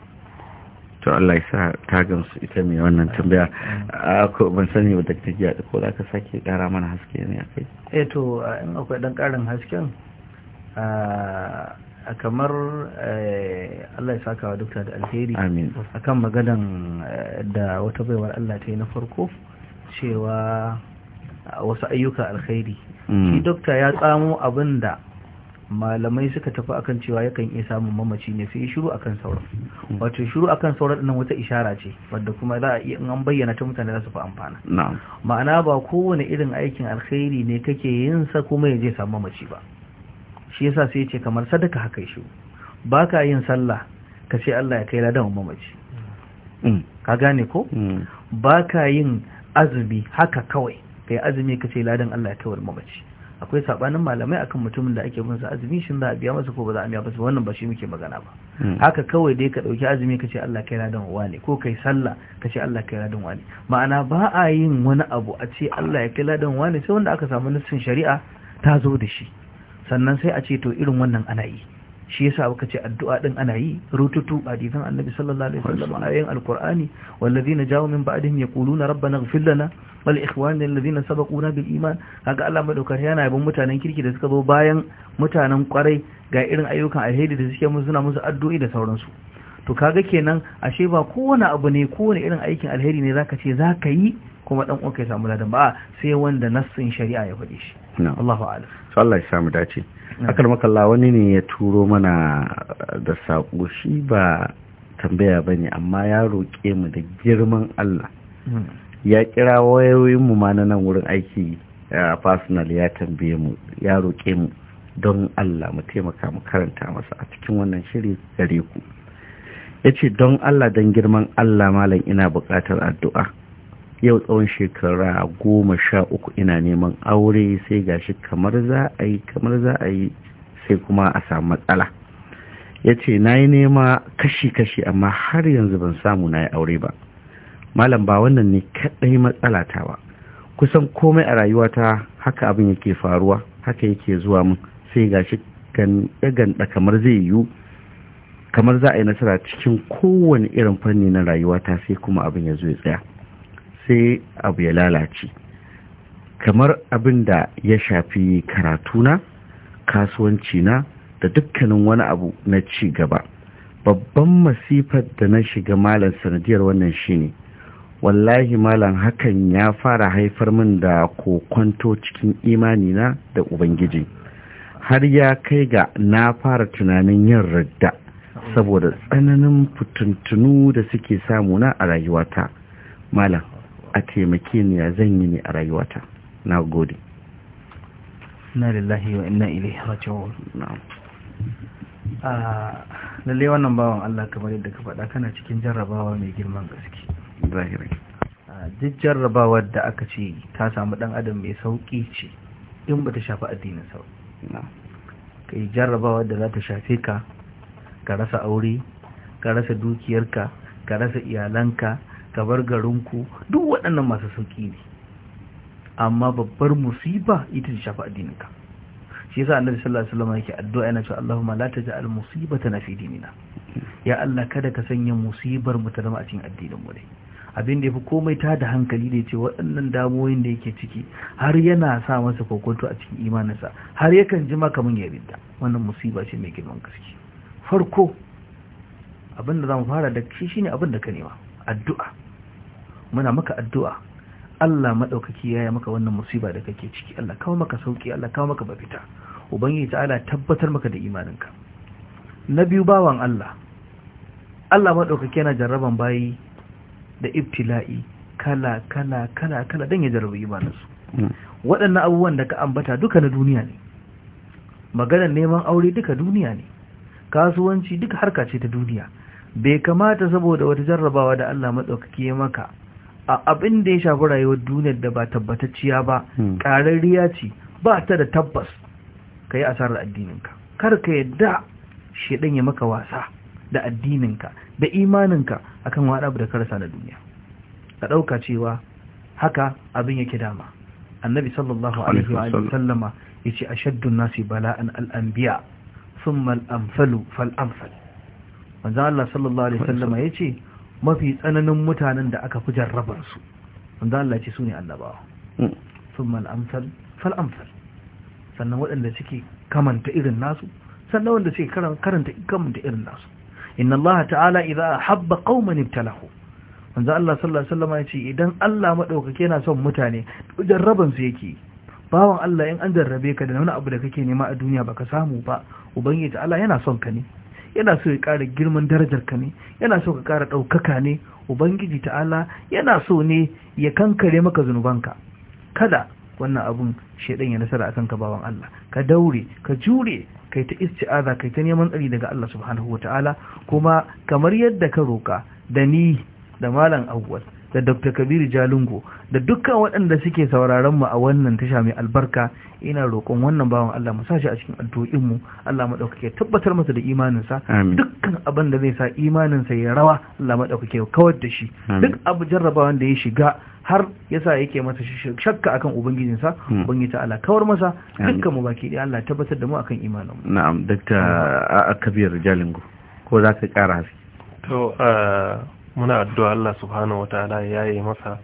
to Allah ya sa ta gamsu ita mai wannan tambaya a ah, ko ban sani ba daga take ya ko za ka sake kara mana haske ne kai. eh to ah, in akwai dan karin hasken a ah, kamar eh, Allah ya saka wa dukta da alheri akan maganan eh, da wata baiwar Allah ta yi na farko cewa wasu ayyuka alkhairi mm. shi dokta ya tsamo abinda. malamai suka tafi akan cewa yakan iya samun mamaci ne sai shiru akan sauran mm. wato shiru akan sauran dinnan wata ishara ce wadda kuma za a iya in an bayyana ta mutane za su fi amfana ma'ana ba kowane irin aikin alkhairi ne kake yin sa kuma ya je samu mamaci ba shi yasa sai ce kamar sadaka haka shi ba ka yin sallah ka ce Allah ya kai ladan mamaci mm. ka gane ko ba ka yin azumi haka kawai kai azumi kace ladan Allah ya kai wani mamaci akwai sabanin malamai akan mutumin da ake binsa azumi shin za a biya masa ko ba za a biya masa wannan ba shi muke magana ba hmm. haka kawai dai ka dauki azumi kace Allah kai ladan wani ko kai sallah kace Allah kai ladan wani ma'ana ba a yin wani abu a ce Allah ya kai ladan wani sai wanda aka samu nassin shari'a ta zo da shi sannan sai a ce to irin wannan ana yi shi yasa baka ce addu'a din ana yi rututu hadisan annabi sallallahu alaihi wasallam ayoyin alqur'ani ladina ja'u min ba'dihim yaquluna rabbana ighfir lana wal ikhwana alladhina sabaquna bil iman kaga Allah madaukar yana yabon mutanen kirki da suka zo bayan mutanen kwarai ga irin ayyukan alheri da suke musu suna musu addu'i da sauransu to kaga kenan ashe ba kowane abu ne kowane irin aikin alheri ne zaka ce zaka yi kuma dan uwanka ya samu ladan ba sai wanda nassin shari'a ya faɗe shi Allahu a'lam sallallahu alaihi wasallam dace Mm. akar makalla wani ne ya turo mana da saƙo shi ba tambaya ba ne amma ya roƙe mu da girman Allah mm. ya kira wayoyin mu ma na nan wurin aiki a personal ya tambaye mu ya roƙe mu don Allah mu taimaka mu karanta masa a cikin wannan shiri gare ku ya ce don Allah don girman Allah malam ina buƙatar addu'a yau tsawon shekara goma sha uku ina neman aure sai gashi kamar za a yi kamar za a yi sai kuma a samu matsala ya ce na yi nema kashi-kashi amma har yanzu ban samu na yi aure ba malam ba wannan ne kaɗai ta ba kusan komai a rayuwata haka abin yake faruwa haka yake zuwa mun sai gashi ganɗa-ganɗa kamar zai yiwu kamar za a yi nasara cikin kowane irin fanni na rayuwata sai kuma abin ya zo ya tsaya sai abu ya lalace kamar abin da ya shafi karatuna kasuwanci na da dukkanin wani abu na ci gaba babban masifar da na shiga malam sanadiyar wannan shine wallahi malam hakan ya fara haifar min da kokonto cikin imanina da ubangiji har ya kai ga na fara tunanin yin radda saboda tsananin fitintunu da suke samuna a rayuwata malam a taimake ni ya zan yi ne a rayuwata na gode na lillahi wa inna ilaihi raji'un a ah, lalle wannan bawan Allah kamar yadda ka faɗa kana cikin jarrabawa mai girman gaske zahiri ah, duk jarrabawar da aka ce ta samu dan adam mai sauƙi ce in ba ta shafi addinin sau kai jarrabawar da za ta shafe ka ka rasa aure ka rasa dukiyarka ka rasa iyalanka ka bar garinku duk waɗannan masu sauƙi ne amma babbar musiba ita ce shafa addininka shi yasa annabi sallallahu alaihi wasallam yake addu'a yana cewa Allahumma la taj'al na fi dinina ya Allah kada ka sanya musibar mu ta zama a cikin addinin mu dai abin da yafi komai ta da hankali da ce waɗannan damoyin da yake ciki har yana sa masa kokonto a cikin imaninsa har yakan ji maka mun yarinta wannan musiba ce mai girman gaske farko abin da za fara da shi shine abin da ka nema addu'a muna maka addu'a Allah maɗaukaki ya maka wannan musiba da kake ciki Allah kawo maka sauƙi Allah kawo maka mafita ubangiji ta'ala tabbatar maka da imaninka na biyu bawan Allah Allah maɗaukaki yana jarraban bayi da ibtila'i kala kala kala kala don ya jarrabu imaninsu waɗannan abubuwan da ka ambata duka na duniya ne maganar neman aure duka duniya ne kasuwanci duka harka ce ta duniya bai kamata saboda wata jarrabawa da Allah maɗaukaki ya maka a abin da ya shafi rayuwar duniyar da ba tabbatacciya ba hmm. ƙarariya ce ba ta da tabbas ka yi asarar addininka kar ka yadda shaidan ya maka wasa da addininka da imaninka akan wani abu da karasa na duniya ka ɗauka cewa haka abin yake dama annabi sallallahu alaihi wa sallama ya ce a shaddun nasi bala'an al'ambiya sun mal'amfalu fal'amfal fal sallallahu alaihi wa sallama ce. mafi tsananin mutanen da aka fi jarrabar su wanda Allah ce su ne annabawa sun hmm. mal'amsal fal'amsal sannan waɗanda suke kamanta irin nasu sannan wanda suke karanta kamanta irin nasu inna Allah ta'ala idza habba qauman ibtalahu wanda Allah sallallahu alaihi wasallam ya ce idan Allah madaukake yana son mutane jarraban su yake bawan Allah in an jarrabe ka da wani abu da kake nema a duniya baka samu ba ubangiji Allah yana son ka ne yana so ya kara girman darajar ka ne yana so ka kara ɗaukaka ne ubangiji ta'ala yana so ne ya kankare maka zunubanka kada wannan abun shaidan ya nasara akan ka bawan Allah ka daure ka jure kai ta isti'aza kai ta neman tsari daga Allah subhanahu ta'ala kuma kamar yadda ka roka da ni da malam awwal da dr kabiru jalingo da dukkan waɗanda suke sauraron mu a wannan tasha mai albarka ina roƙon wannan bawan Allah mu sashi a cikin addu'o'in mu Allah madaukake tabbatar masa da imanin sa dukkan abin da zai sa imanin sa ya rawa Allah madaukake kawar da shi duk abu jarrabawan da ya shiga har yasa yake masa shakka akan ubangijin sa hmm. ubangiji Allah kawar masa dukkan mu baki da Allah tabbatar da mu akan imanin mu na'am dr kabir jalingo ko za ka ƙara haske to uh, muna addu'a Allah subhanahu wa ta'ala ya yi masa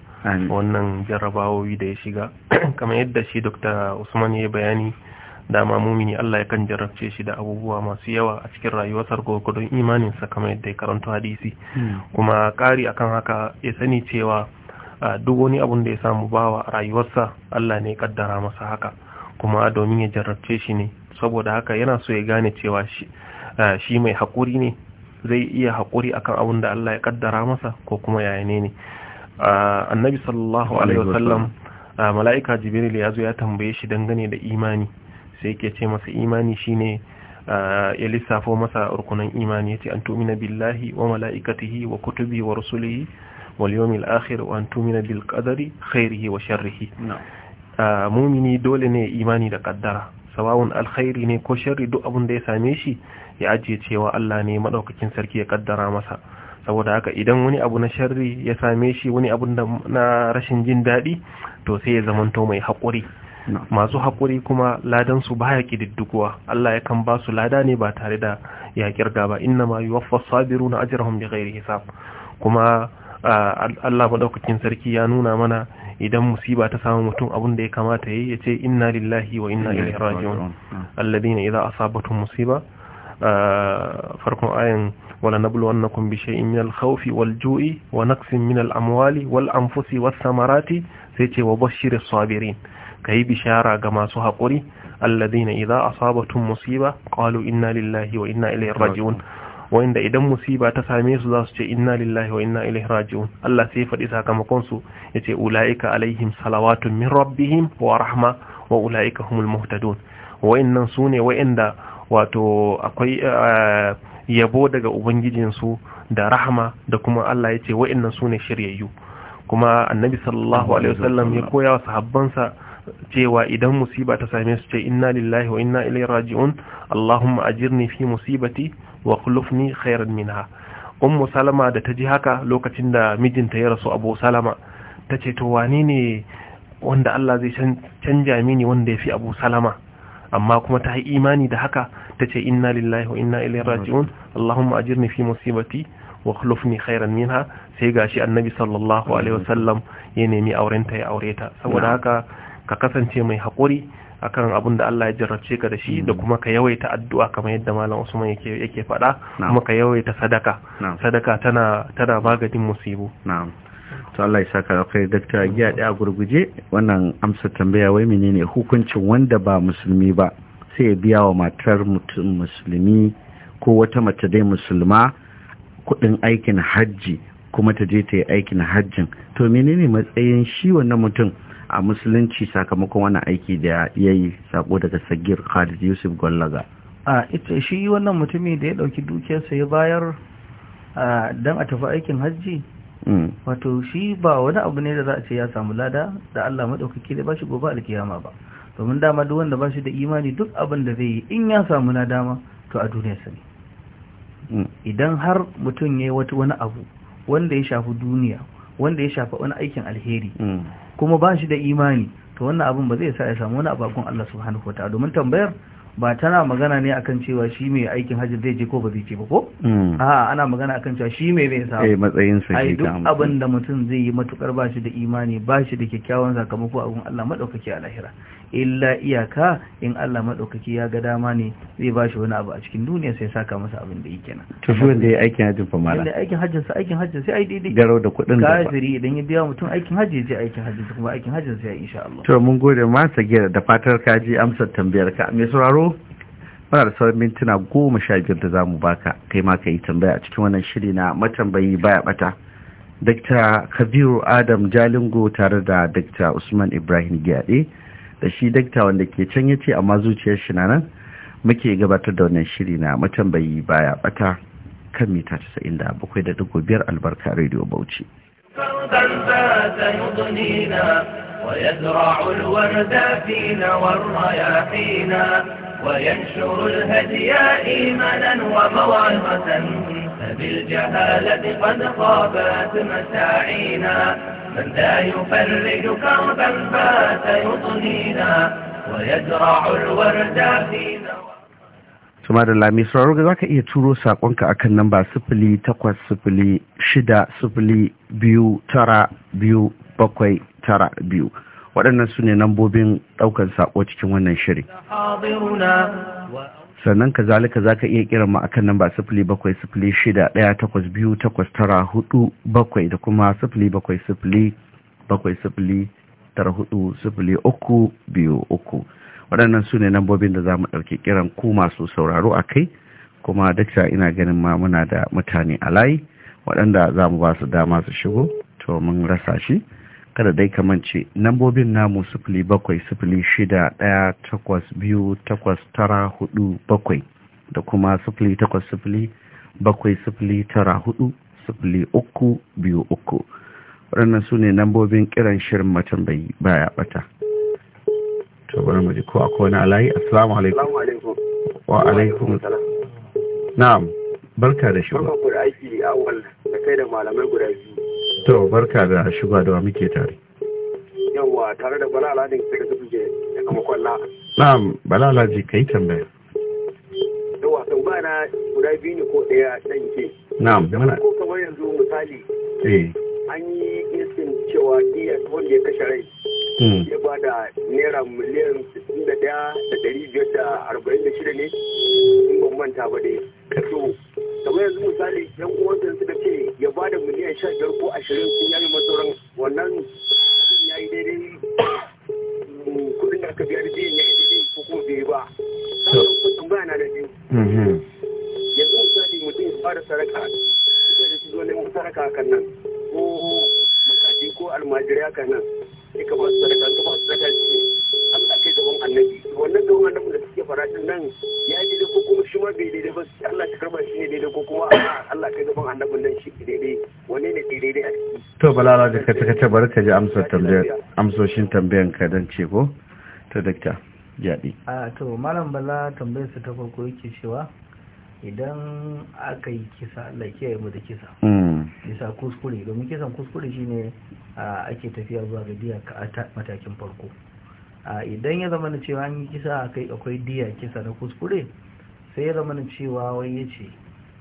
wannan jarrabawoyi da ya shiga *clears throat* kamar yadda shi Dr. Usman ya bayani dama mumini Allah ya kan jarrabce shi da abubuwa masu yawa a cikin rayuwarsar gurgurdun imaninsa kamar yadda ya karanta hadisi hmm. kuma kari akan haka ya sani cewa ah, duk wani abun da ya samu bawa a rayuwarsa Allah ne ya kaddara masa haka kuma domin ya jarrabce shi ne saboda haka yana so ya gane cewa shi ah, mai haƙuri ne zai iya haƙuri akan abin da Allah ya kaddara masa ko kuma ya'yanene. ne ne annabi sallallahu alaihi wasallam mala'ika jibril ya zo ya tambaye shi dangane da imani sai yake ce masa imani shine ya lissafo masa rukunan imani yace an tu'mina billahi wa mala'ikatihi wa kutubi wa rusulihi wal yawmil akhir wa an tu'mina bil qadari khairihi wa sharrihi mumini dole ne imani da kaddara Sababun alkhairi ne ko sharri duk abin da ya same shi ya ajiye cewa Allah ne madaukakin sarki ya kaddara masa saboda haka idan wani abu na sharri ya same shi wani abu na rashin jin daɗi to sai ya zamanto mai haƙuri masu haƙuri kuma ladan su baya kididduguwa Allah ya kan ba su lada ne ba tare da ya kirga ba inna ma yuwaffas sabiruna ajrahum bighairi hisab kuma Allah madaukakin sarki ya nuna mana idan musiba ta samu mutum abin da ya kamata yayi ce inna lillahi wa inna ilaihi raji'un alladhina idza asabatuhum musiba farkon ayan wala nabluwannakum bi shay'in min al-khawfi wal-ju'i wa naqsin min al-amwali wal-anfusi was-samarati sai ce wa bashiris sabirin kai bishara ga masu haƙuri alladhina idza asabatum musiba qalu inna lillahi wa inna ilayhi raji'un wanda idan musiba ta same su za su ce inna lillahi wa inna ilaihi raji'un Allah sai faɗi sakamakon su yace ulaika alaihim salawatun min rabbihim wa rahma wa ulaika humul muhtadun wayannan sune wayanda wato akwai eh, yabo daga ubangijinsu da rahama da kuma Allah ya ce wa'annan su ne shiryayyu kuma annabi sallallahu alaihi wasallam ya koya wa sahabbansa cewa idan musiba ta same su ce inna lillahi wa inna ilaihi raji'un allahumma ajirni fi musibati wa khulufni khairan minha ummu salama da ta ji haka lokacin da mijinta ya rasu abu salama ta ce to wane ne wanda Allah zai canja mini wanda ya fi abu salama amma kuma ta yi imani da haka ta ce inna lillahi inna ilaihi raji'un Allahumma ajirni fi musibati wa khulufni khairan minha sai gashi annabi sallallahu alaihi wasallam ya nemi aurenta ya aure ta saboda haka ka kasance mai haƙuri akan abin da Allah ya jarrace ka da shi da mm. kuma ka yawaita addu'a kamar yadda malam Usman yake yake faɗa kuma ka yawaita sadaka sadaka tana tana maganin musibu to Allah ya saka kai dakta giya daya gurguje wannan amsa tambaya wai menene hukuncin wanda ba musulmi ba sai ya biya wa matar mutum musulmi ko wata mace dai musulma kudin aikin hajji kuma ta je ta yi aikin hajjin to menene matsayin shi wannan mutum a musulunci sakamakon wani aiki da ya yi sako daga sagir khalid yusuf gwallaga a ita shi wannan mutumi da ya dauki dukiyarsa ya bayar don a tafi aikin hajji Hmm. wato shi ba wani abu ne da za a ce ya samu lada da Allah maɗaukaki da bashi gobe alkiyama ba domin dama duk wanda shi da imani duk abin da zai yi in ya samu na dama to a duniyar sa ne hmm. idan har mutum yayi wata wani abu wanda ya shafi duniya wanda ya shafi wani aikin alheri hmm. kuma ba shi da imani to wannan abin ba zai sa ya samu wani abu Allah subhanahu wataala domin tambayar ba tana magana ne akan cewa shi mai aikin hajji zai je ko ba zai je ba ko hmm. a ana magana akan cewa shi mai mai sa eh matsayin sa shi duk abin da mutum zai yi matukar ba shi da imani ba shi da kyakkyawan sakamako a gun Allah madaukaki a lahira illa iyaka in Allah madaukaki ya ga dama ne zai ba shi wani abu a cikin duniya sai saka masa abin da yake na to shi wanda ya aikin hajji fa mala da aikin hajji sa aikin hajji sai ai daidai garau da kuɗin da kafiri idan ya biya mutum aikin hajji je aikin hajji kuma aikin hajji sai insha Allah to mun gode ma sagir da fatar ka ji amsar tambayar ka me sauraro muna da sauran mintuna goma sha biyar da zamu baka kai ma ka yi tambaya a cikin wannan shiri na matambayi baya bata Dr. Kabiru Adam Jalingo tare da Dr. Usman Ibrahim Gyaɗe da shi dakta wanda ke can ya ce amma zuciyar shi na nan muke gabatar da wannan shiri na matambayi baya bata kan mita da da bakwai biyar albarka rediyo bauchi. ويزرع الورد فينا والرياحينا وينشر الهدي إيمانا وموعظة فبالجهالة قد خابت مساعينا من لا يفرج كربا فات يطنينا ويزرع الورد فينا kuma da lami sauraro ga zaka iya turo sakonka akan namba 08 takwas sifili shida sifili tara biyu waɗannan su ne nambobin ɗaukar saƙo cikin wannan shirin sannan kazalika za ka iya kiran mu akan namba sifili bakwai sifili shida ɗaya takwas biyu takwas tara hudu bakwai da kuma sifili bakwai sifili bakwai sifili tara hudu sifili uku biyu uku waɗannan su ne nambobin da za mu ɗauki kiran ku masu sauraro a kai kuma duk da ina ganin ma muna da mutane a layi waɗanda za mu ba su dama su shigo to mun rasa shi kada dai ce nambobin namu sifili bakwai sifili shida daya takwas biyu takwas tara hudu bakwai da kuma sifili takwas sifili bakwai sifili tara hudu sifili uku biyu uku waɗannan su ne nambobin kiran shirin matan bai baya bata to bari mu ji ko akwai wani alayi assalamu alaikum wa alaikum na'am barka da shigo barka da aiki a awal da kai da malamai guda biyu to barka da shigo da muke tare yawa tare da bala aladin sai ka tuje da kuma kwalla na'am bala ka kai tambaya yawa sau ba na guda biyu ne ko daya dan ke na'am da mana ko kamar yanzu misali eh an yi isin cewa iya wanda ya kashe rai Hmm. ya ba da naira miliyan ne in ban manta ba dai to kamar yanzu misali yan uwansa suka ce ya ba da miliyan sha biyar ko ashirin sun yayi masauran wannan ya yi daidai mm, kudin da aka biya da jiyan ya yi daidai ko kuma bai ba kudin ba da biyu mm-hmm. yanzu misali mutum ya ba da saraka da ko ko almajirai nan sai ka masu sadaka ka masu sadaka ce Allah kai gaban annabi wannan gaban annabi da suke farashin nan ya ji ko kuma shi ma bai daidai ba Allah ka karba shi ne daidai ko kuma Allah kai gaban annabin nan shi daidai wane ne daidai a ciki to balala da ka kace bari ka ji amsar tambayar amsoshin tambayan ka dan ce ko ta dakta jadi a to malam bala tambayar sa ta farko yake cewa idan aka yi kisa Allah kiyaye mu da kisa mm. bisa kuskure domin kisan kuskure shi shine ake tafiya zuwa ga diya a matakin farko idan ya zama na cewa an yi kisa akai akwai diya kisa na kuskure sai ya zama na cewa wai ya ce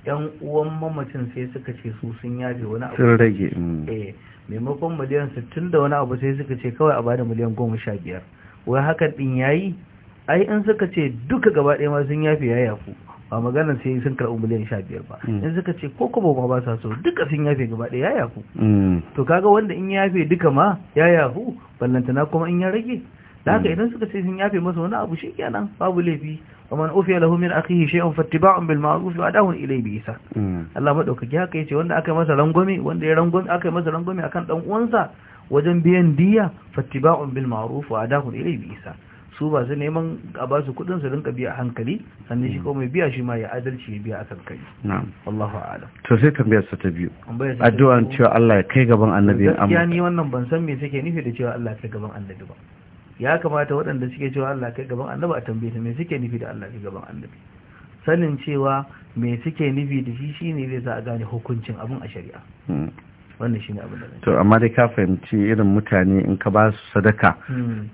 yan uwan mamacin sai suka ce su sun yaje wani abu sun rage mm. eh maimakon miliyan 60 da wani abu sai suka ce kawai a bada miliyan 15 wai hakan din yayi ai in suka ce duka gaba ɗaya ma sun yafi ya yafu ba maganar sai sun karɓi miliyan sha biyar ba mm. in suka ce ko kuma ba ba sa so duka sun yafe gaba ɗaya ya yafu mm. to kaga wanda in yafe duka ma ya yafu ballantana kuma in ya rage da haka mm. idan suka ce sun yafe masa wani abu shi kenan babu laifi na wa man ufiya lahu min akhihi shay'un fattiba'un bil ma'ruf wa adahun ilai bi isa Allah madaukaki haka yace wanda aka masa rangwame wanda ya rangwame aka masa rangwame akan dan uwansa wajen biyan diya fatti fattiba'un bil ma'ruf wa adahun ilai bi isa su ba su neman a ba su kudin su rinka biya hankali sannan shi hmm. kuma biya shi ma ya adalci ya biya kan kai na'am Allahu a'lam to sai tambayar sa ta biyu addu'an cewa Allah ya kai gaban annabi amma gaskiya ni wannan ban san me suke nufi da cewa Allah ya kai gaban annabi ba ya kamata waɗanda suke cewa Allah ya kai gaban annabi a tambaye ta me suke nufi da Allah ya kai gaban annabi sanin cewa me suke nufi da shi shine zai sa a gane hukuncin abin a shari'a hmm. wannan shine abin da to amma dai ka fahimci irin mutane in ka ba su sadaka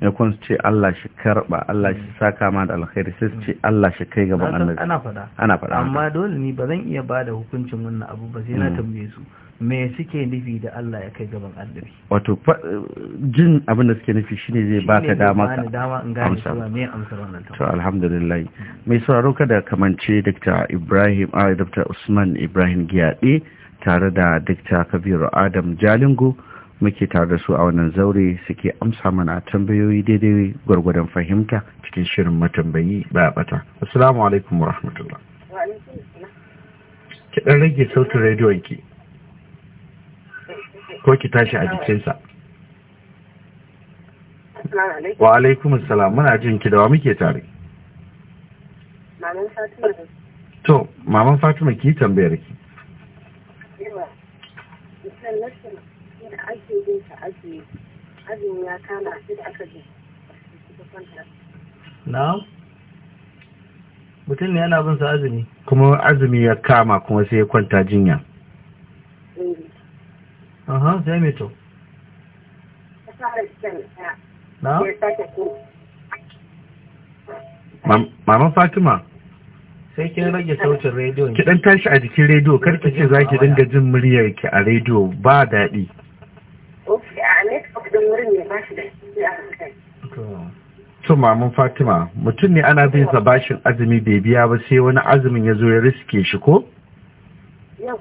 ya hmm. kun ce Allah shi karba Allah shi hmm. saka ma da alkhairi sai ce hmm. Allah shi kai gaban annabi ana faɗa ana faɗa amma dole ni ba zan iya ba da hukuncin wannan abu ba sai na tambaye su me suke nufi da Allah ya kai gaban annabi wato jin abin da suke nufi shine zai baka dama ka dama in gane cewa me amsar wannan to alhamdulillah mai sauraro kada kamance Dr. Ibrahim ah, Dr. Usman Ibrahim Giyade tare da dikta kabiru adam jalingo muke tare da su a wannan zaure suke amsa mana tambayoyi daidai gwargwadon fahimta cikin shirin matambayi ba bata assalamu alaikum wa rahmatullah ki dan rage sautin rediyon ki ko ki tashi a jikinsa wa alaikum assalam muna jin ki da wa muke tare to maman fatima ki tambayar ki rigima ake bin mutum ne yana bin sa azumi kuma azumi ya kama kuma sai ya kwanta jinya eh. aha sai mai to na'am Mama Fatima sai kin rage sautin rediyo ki dan tashi a jikin rediyo kar ki ce zaki dinga jin muryar ki a rediyo ba daɗi to mamun fatima mutum ne ana bin sa bashin azumi bai biya ba sai wani azumin ya zo ya riske shi ko yau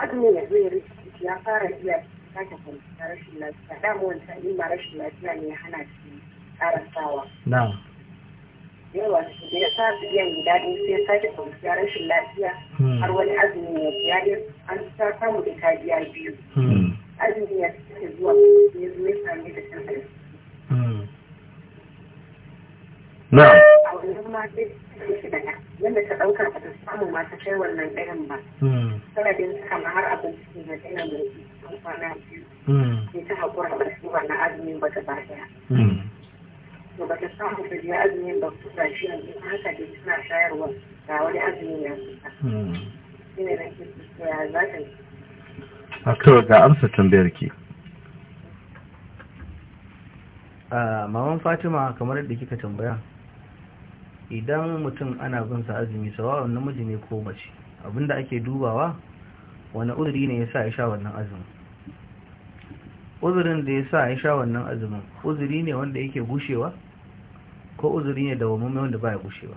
azumin ya ya riske shi ya fara iya sake kwanta rashin lafiya damuwan sa'in ma rashin lafiya ne ya hana shi karasawa yawa da ya sa biyan gida din sai ya sake kwanciya rashin lafiya hmm. har wani azumi ya biya an ta samu da ta biyu hmm. azumi ya sake zuwa ya zuwa ya same da can aiki hmm. a wannan ma sai shi daga yadda ta ɗaukar ba ta samu ma ta kai wannan ɗayan ba sanadin kama har abinci na ɗaya mai kwana biyu sai ta haƙura da su wannan azumin ba ta ba ɗaya to ba ta samu ta je azumin ba su shi yanzu haka dai suna shayarwa ga wani azumin hmm. ya shi na kisa ta yi a kawai ga amsa tambayar ki maman fatima kamar yadda kika tambaya idan mutum ana bin sa azumi sawa'un namiji ne ko mace abinda ake dubawa wani uzuri ne ya sa ya sha wannan azumin uzurin da ya ya sha wannan azumin uzuri ne wanda yake gushewa ko uzuri ne da wamame wanda ya gushewa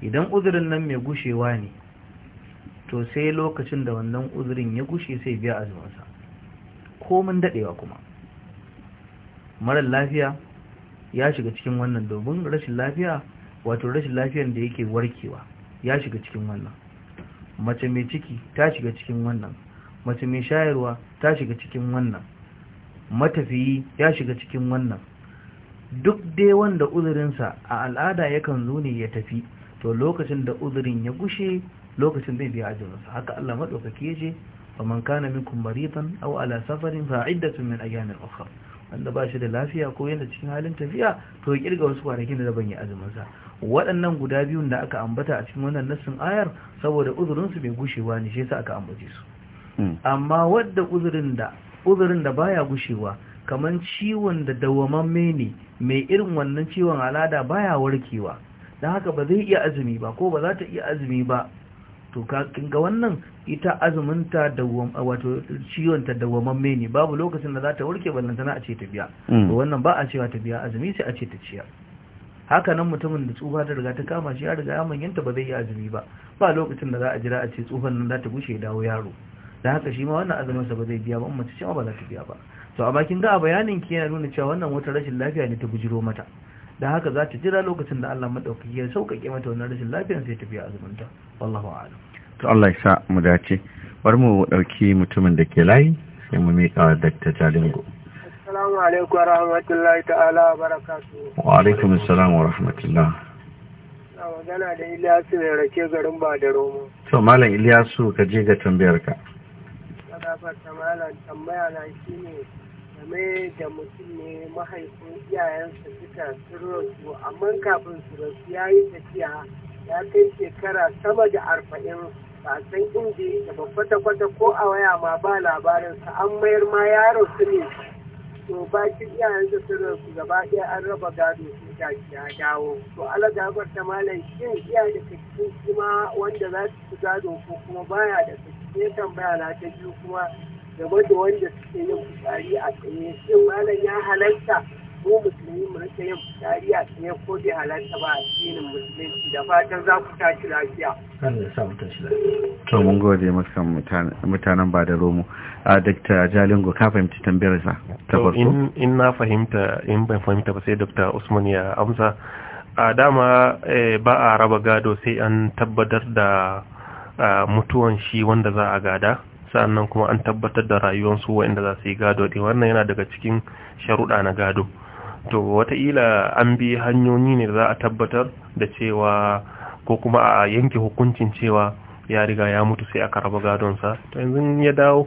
idan uzurin nan mai gushewa ne to sai lokacin da wannan uzurin ya gushe sai biya azuminsa komin dadewa kuma marar lafiya ya shiga cikin wannan domin rashin lafiya wato rashin lafiyan da yake warkewa ya shiga cikin wannan mace mai ciki ta shiga cikin wannan mace mai shayarwa ta shiga cikin wannan matafiyi ya shiga cikin wannan duk dai wanda uzurinsa a al'ada yakan zo ne ya tafi to lokacin da uzurin ya gushe lokacin zai biya ajinsa haka Allah madaukaki yace man kana minkum maridan aw ala safarin fa iddatu min ayamin ukhra wanda ba shi da lafiya ko yana cikin halin tafiya to ya kirga wasu kwanakin da ban yi azumin waɗannan guda biyun da aka ambata a cikin wannan nassin ayar saboda uzurin su bai gushewa ne shi yasa aka ambace su hmm. amma wadda uzurin da uzurin da baya gushewa kamar ciwon da dawamamme ne mai irin wannan ciwon alada baya warkewa don haka ba zai iya azumi ba ko ba za ta iya azumi ba to ga wannan ita azuminta wato ciwonta dawwamamme ne babu lokacin da za ta warke ballantana a ce ta biya mm. to wannan ba a cewa ta biya azumi sai a ce ta ciya haka nan mutumin da tsufa ta riga ta kama shi ya riga ya manyanta ba zai yi azumi ba ba lokacin da za a jira a ce tsufan nan za ta gushe dawo yaro da haka shi ma wannan azumin sa ba zai biya ba mace ce ba za ta biya ba to a bakin ga bayanin ki yana nuna cewa wannan wata rashin lafiya ne ta bujiro mata da haka za ta jira lokacin da Allah madaukaki ya sauƙaƙe mata wannan rashin lafiyar sai ta biya azumin wallahu a'lam to Allah ya sa mu dace bari mu dauki mutumin da ke layi sai mu mika wa Dr. Jalingo Assalamu alaikum warahmatullahi ta'ala barakatuh wa alaikum assalam wa rahmatullah magana da Ilyasu ne rake garin Badaro to malam Ilyasu ka je ga tambayar ka Kada fa malam tambaya na shine Mai da mutum ne mahaifin iyayensa suka rasu amma kafin su rasu ya yi tafiya ya kai shekara sama da arba'in ba san inda da ba kwata-kwata ko a waya ma ba labarinsa an mayar ma yaro su ne to bakin iyayensa sun rasu gaba ɗaya an raba gado su da ya dawo to ala gabar ta malam shin iyaye da kake kuma wanda za su gado ko kuma baya da kake tambaya na ta biyu kuma game da wanda suke yin fitsari a tsaye shin malam ya halarta mu musulmi mu rika yin fitsari a tsaye ko bai halarta ba a cikin musulunci da fatan za ku tashi lafiya. Allah sa mu tashi lafiya. To mun gode maka mutanen ba da romo. A Dr. Jalingo ka fahimci tambayar sa ta farko. In na fahimta in ban fahimta ba sai Dr. Usman ya amsa. A dama eh, ba a raba gado sai an tabbatar da eh, mutuwan shi wanda za a gada. sannan kuma an tabbatar da rayuwarsu waɗanda za su yi gado ɗin wannan yana daga cikin sharuɗa na gado to wataƙila an bi hanyoyi ne da za a tabbatar da cewa ko kuma a yanke hukuncin cewa ya riga ya mutu sai aka raba gadonsa to yanzu ya dawo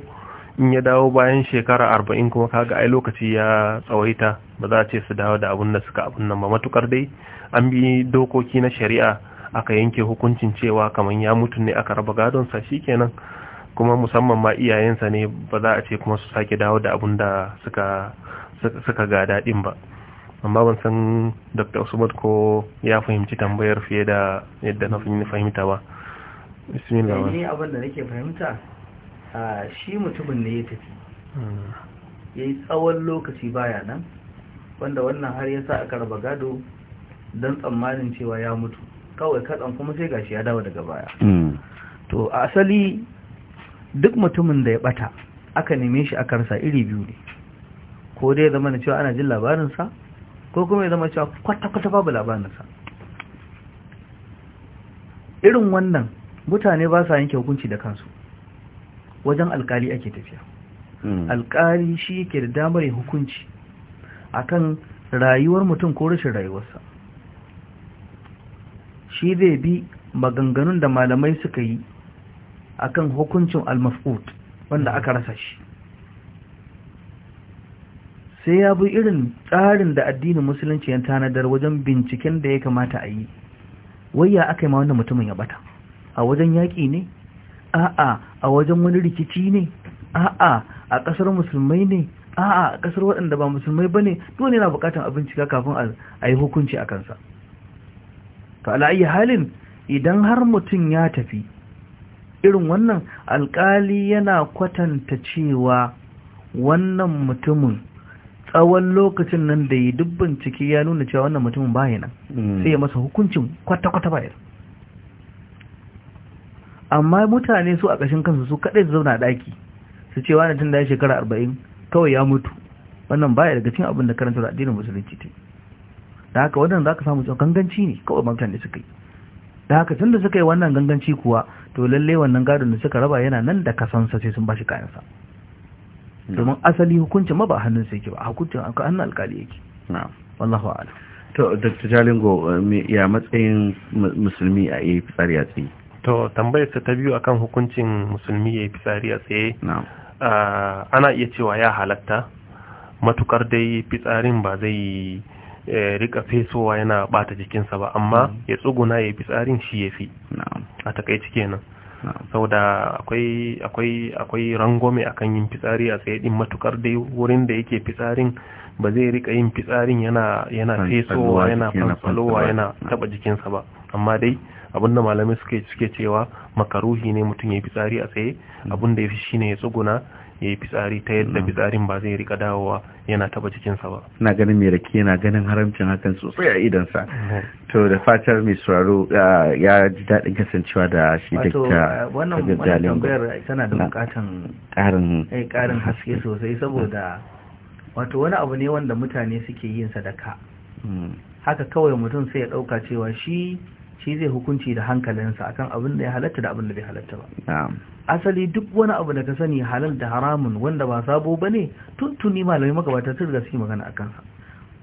in ya dawo bayan shekara arba'in kuma kaga ai lokaci ya tsawaita ba za a ce su dawo da abin da suka abin nan ba matukar dai an bi dokoki na shari'a aka yanke hukuncin cewa kamar ya mutu ne aka raba gadonsa shikenan kuma musamman ma iyayensa ne ba za a ce kuma su sake dawo da abun da suka suka ga daɗin ba amma ban san dr usman ko ya fahimci tambayar fiye da yadda na fahimta ba bismillah ne abin da nake fahimta shi mutumin ne ya tafi hmm. ya yi tsawon lokaci baya nan wanda wannan har ya sa a karba gado don tsammanin cewa ya mutu kawai katsan kuma sai gashi ya dawo daga baya hmm. to a asali duk mutumin da ya bata aka neme shi aka rasa iri biyu ne ko dai ya zama da cewa ana jin labarinsa ko kuma ya zama cewa kwata-kwata babu labarinsa irin wannan mutane ba sa yanke hukunci da kansu wajen alkali ake tafiya hmm. alkali shi yake da damar hukunci akan rayuwar mutum ko rashin rayuwarsa shi zai bi maganganun da malamai suka yi akan hukuncin al-mafqud wanda aka rasa shi sai ya bi irin tsarin da addinin musulunci ya tanadar wajen binciken da ya kamata a yi wayya aka yi ma wannan mutumin ya bata a wajen yaƙi ne a'a a wajen wani rikici ne a'a a ƙasar musulmai ne a'a a ƙasar waɗanda ba musulmai ba ne dole yana buƙatar a bincika kafin a yi hukunci a kansa to ala'ayi halin idan har mutum ya tafi irin wannan alkali yana kwatanta cewa wannan mutumin tsawon lokacin nan da yi dubban ciki ya nuna cewa wannan mutumin baya nan mm. sai ya masa hukuncin kwata-kwata baya amma mutane su a ƙashin kansu su kaɗai su zauna ɗaki su cewa na tun da ya shekara arba'in kawai ya mutu wannan baya daga cikin abin da karanta da addinin musulunci ta da haka wannan za ka samu ganganci ne kawai mutane suka yi da haka tun da suka yi wannan ganganci kuwa to lalle wannan gadon da suka raba yana nan da kasansa sai sun bashi kayansa domin asali hukuncin ma ba hannun sai yake ba hukuncin an hannun alkali yake wallahu a'lam to dr jalingo ya matsayin musulmi a yi fitsari a tsaye to tambayar ta biyu akan hukuncin musulmi ya yi fitsari a tsaye ah, ana iya cewa ya halatta matukar dai fitsarin ba zai Eh, rika fesowa yana bata jikinsa ba amma mm. ya tsuguna ya fitsarin shi ya fi a takaici kenan sau da akwai rangome rangwame akan yin fitsari a tsaye din matukar dai wurin da yake fitsarin ba zai rika yin fitsarin yana fesowa yana fansalowa yana taba jikinsa ba amma dai abinda malamai suke suke cewa makaruhi ne mutum ya fitsari a tsaye mm. abinda ya fi shine ya tsuguna ya yi fitsari ta yadda fitsarin ba zai rika dawowa yana taba cikinsa ba na ganin mai rake yana ganin haramcin hakan sosai a idansa to da fatar mai sauraro ya ji daɗin kasancewa da shi da ta wannan tambayar tana da bukatan ƙarin eh, haske sosai saboda wato wani abu ne wanda mutane suke yin sadaka hmm. haka kawai mutum sai ya ɗauka cewa shi shi zai hukunci da hankalinsa akan abin da ya halatta da abin da bai halatta ba asali duk wani abu da ka sani halal da haramun wanda ba sabo ba ne tuntuni malamai magabata sun riga yi magana a kansa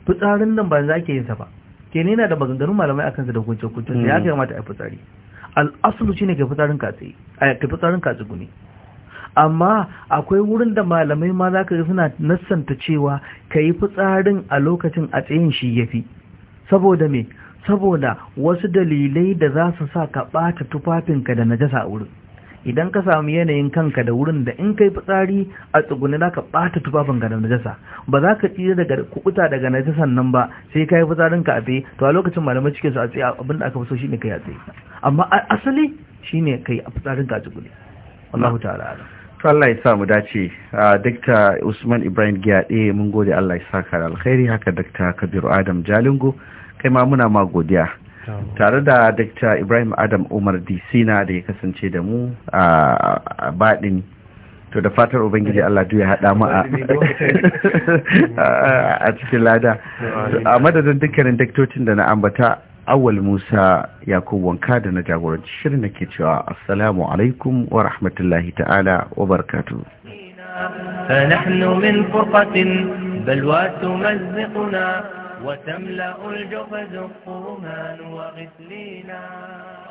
fitsarin nan ba za ke yin sa ba ke ne da maganganun malamai a kansa da hukuncin hukuncin ya hmm. kamata a fitsari al'asulu ne ka fitsarin katsi a ka eh, fitsarin katsi gune amma akwai wurin da malamai ma za ka ga suna nassanta cewa ka yi fitsarin a lokacin a tsayin shi ya fi saboda me saboda wasu dalilai da za su sa ka ɓata tufafinka da najasa a wurin idan ka samu yanayin kanka da wurin da in kai fitsari a tsuguni za ka ɓata tufafinka da najasa ba za ka tsira daga kubuta daga najasan nan ba sai ka yi fitsarinka a tsaye to a lokacin malamai cikin su a tsaye abin da aka fi so shine kai a tsaye amma asali shine kai a fitsarinka a tsuguni wallahu ta'ala Allah ya sa mu dace Dr. Usman Ibrahim Giyaɗe mun gode Allah ya saka da alkhairi haka Dr. Kabiru Adam Jalingo kai ma muna ma godiya tare da Dr. Ibrahim Adam Umar Disina da ya kasance da mu a baɗin to da fatar ubangiji Allah duk ya haɗa mu a *laughs* cikin lada a madadin dukkanin daktocin da na ambata awal Musa Yakubu Wanka da na jagoranci shirin da ke cewa assalamu alaikum wa rahmatullahi ta'ala wa barakatuh فنحن من فرقة وتملأ الجوف الطرمان وغسلينا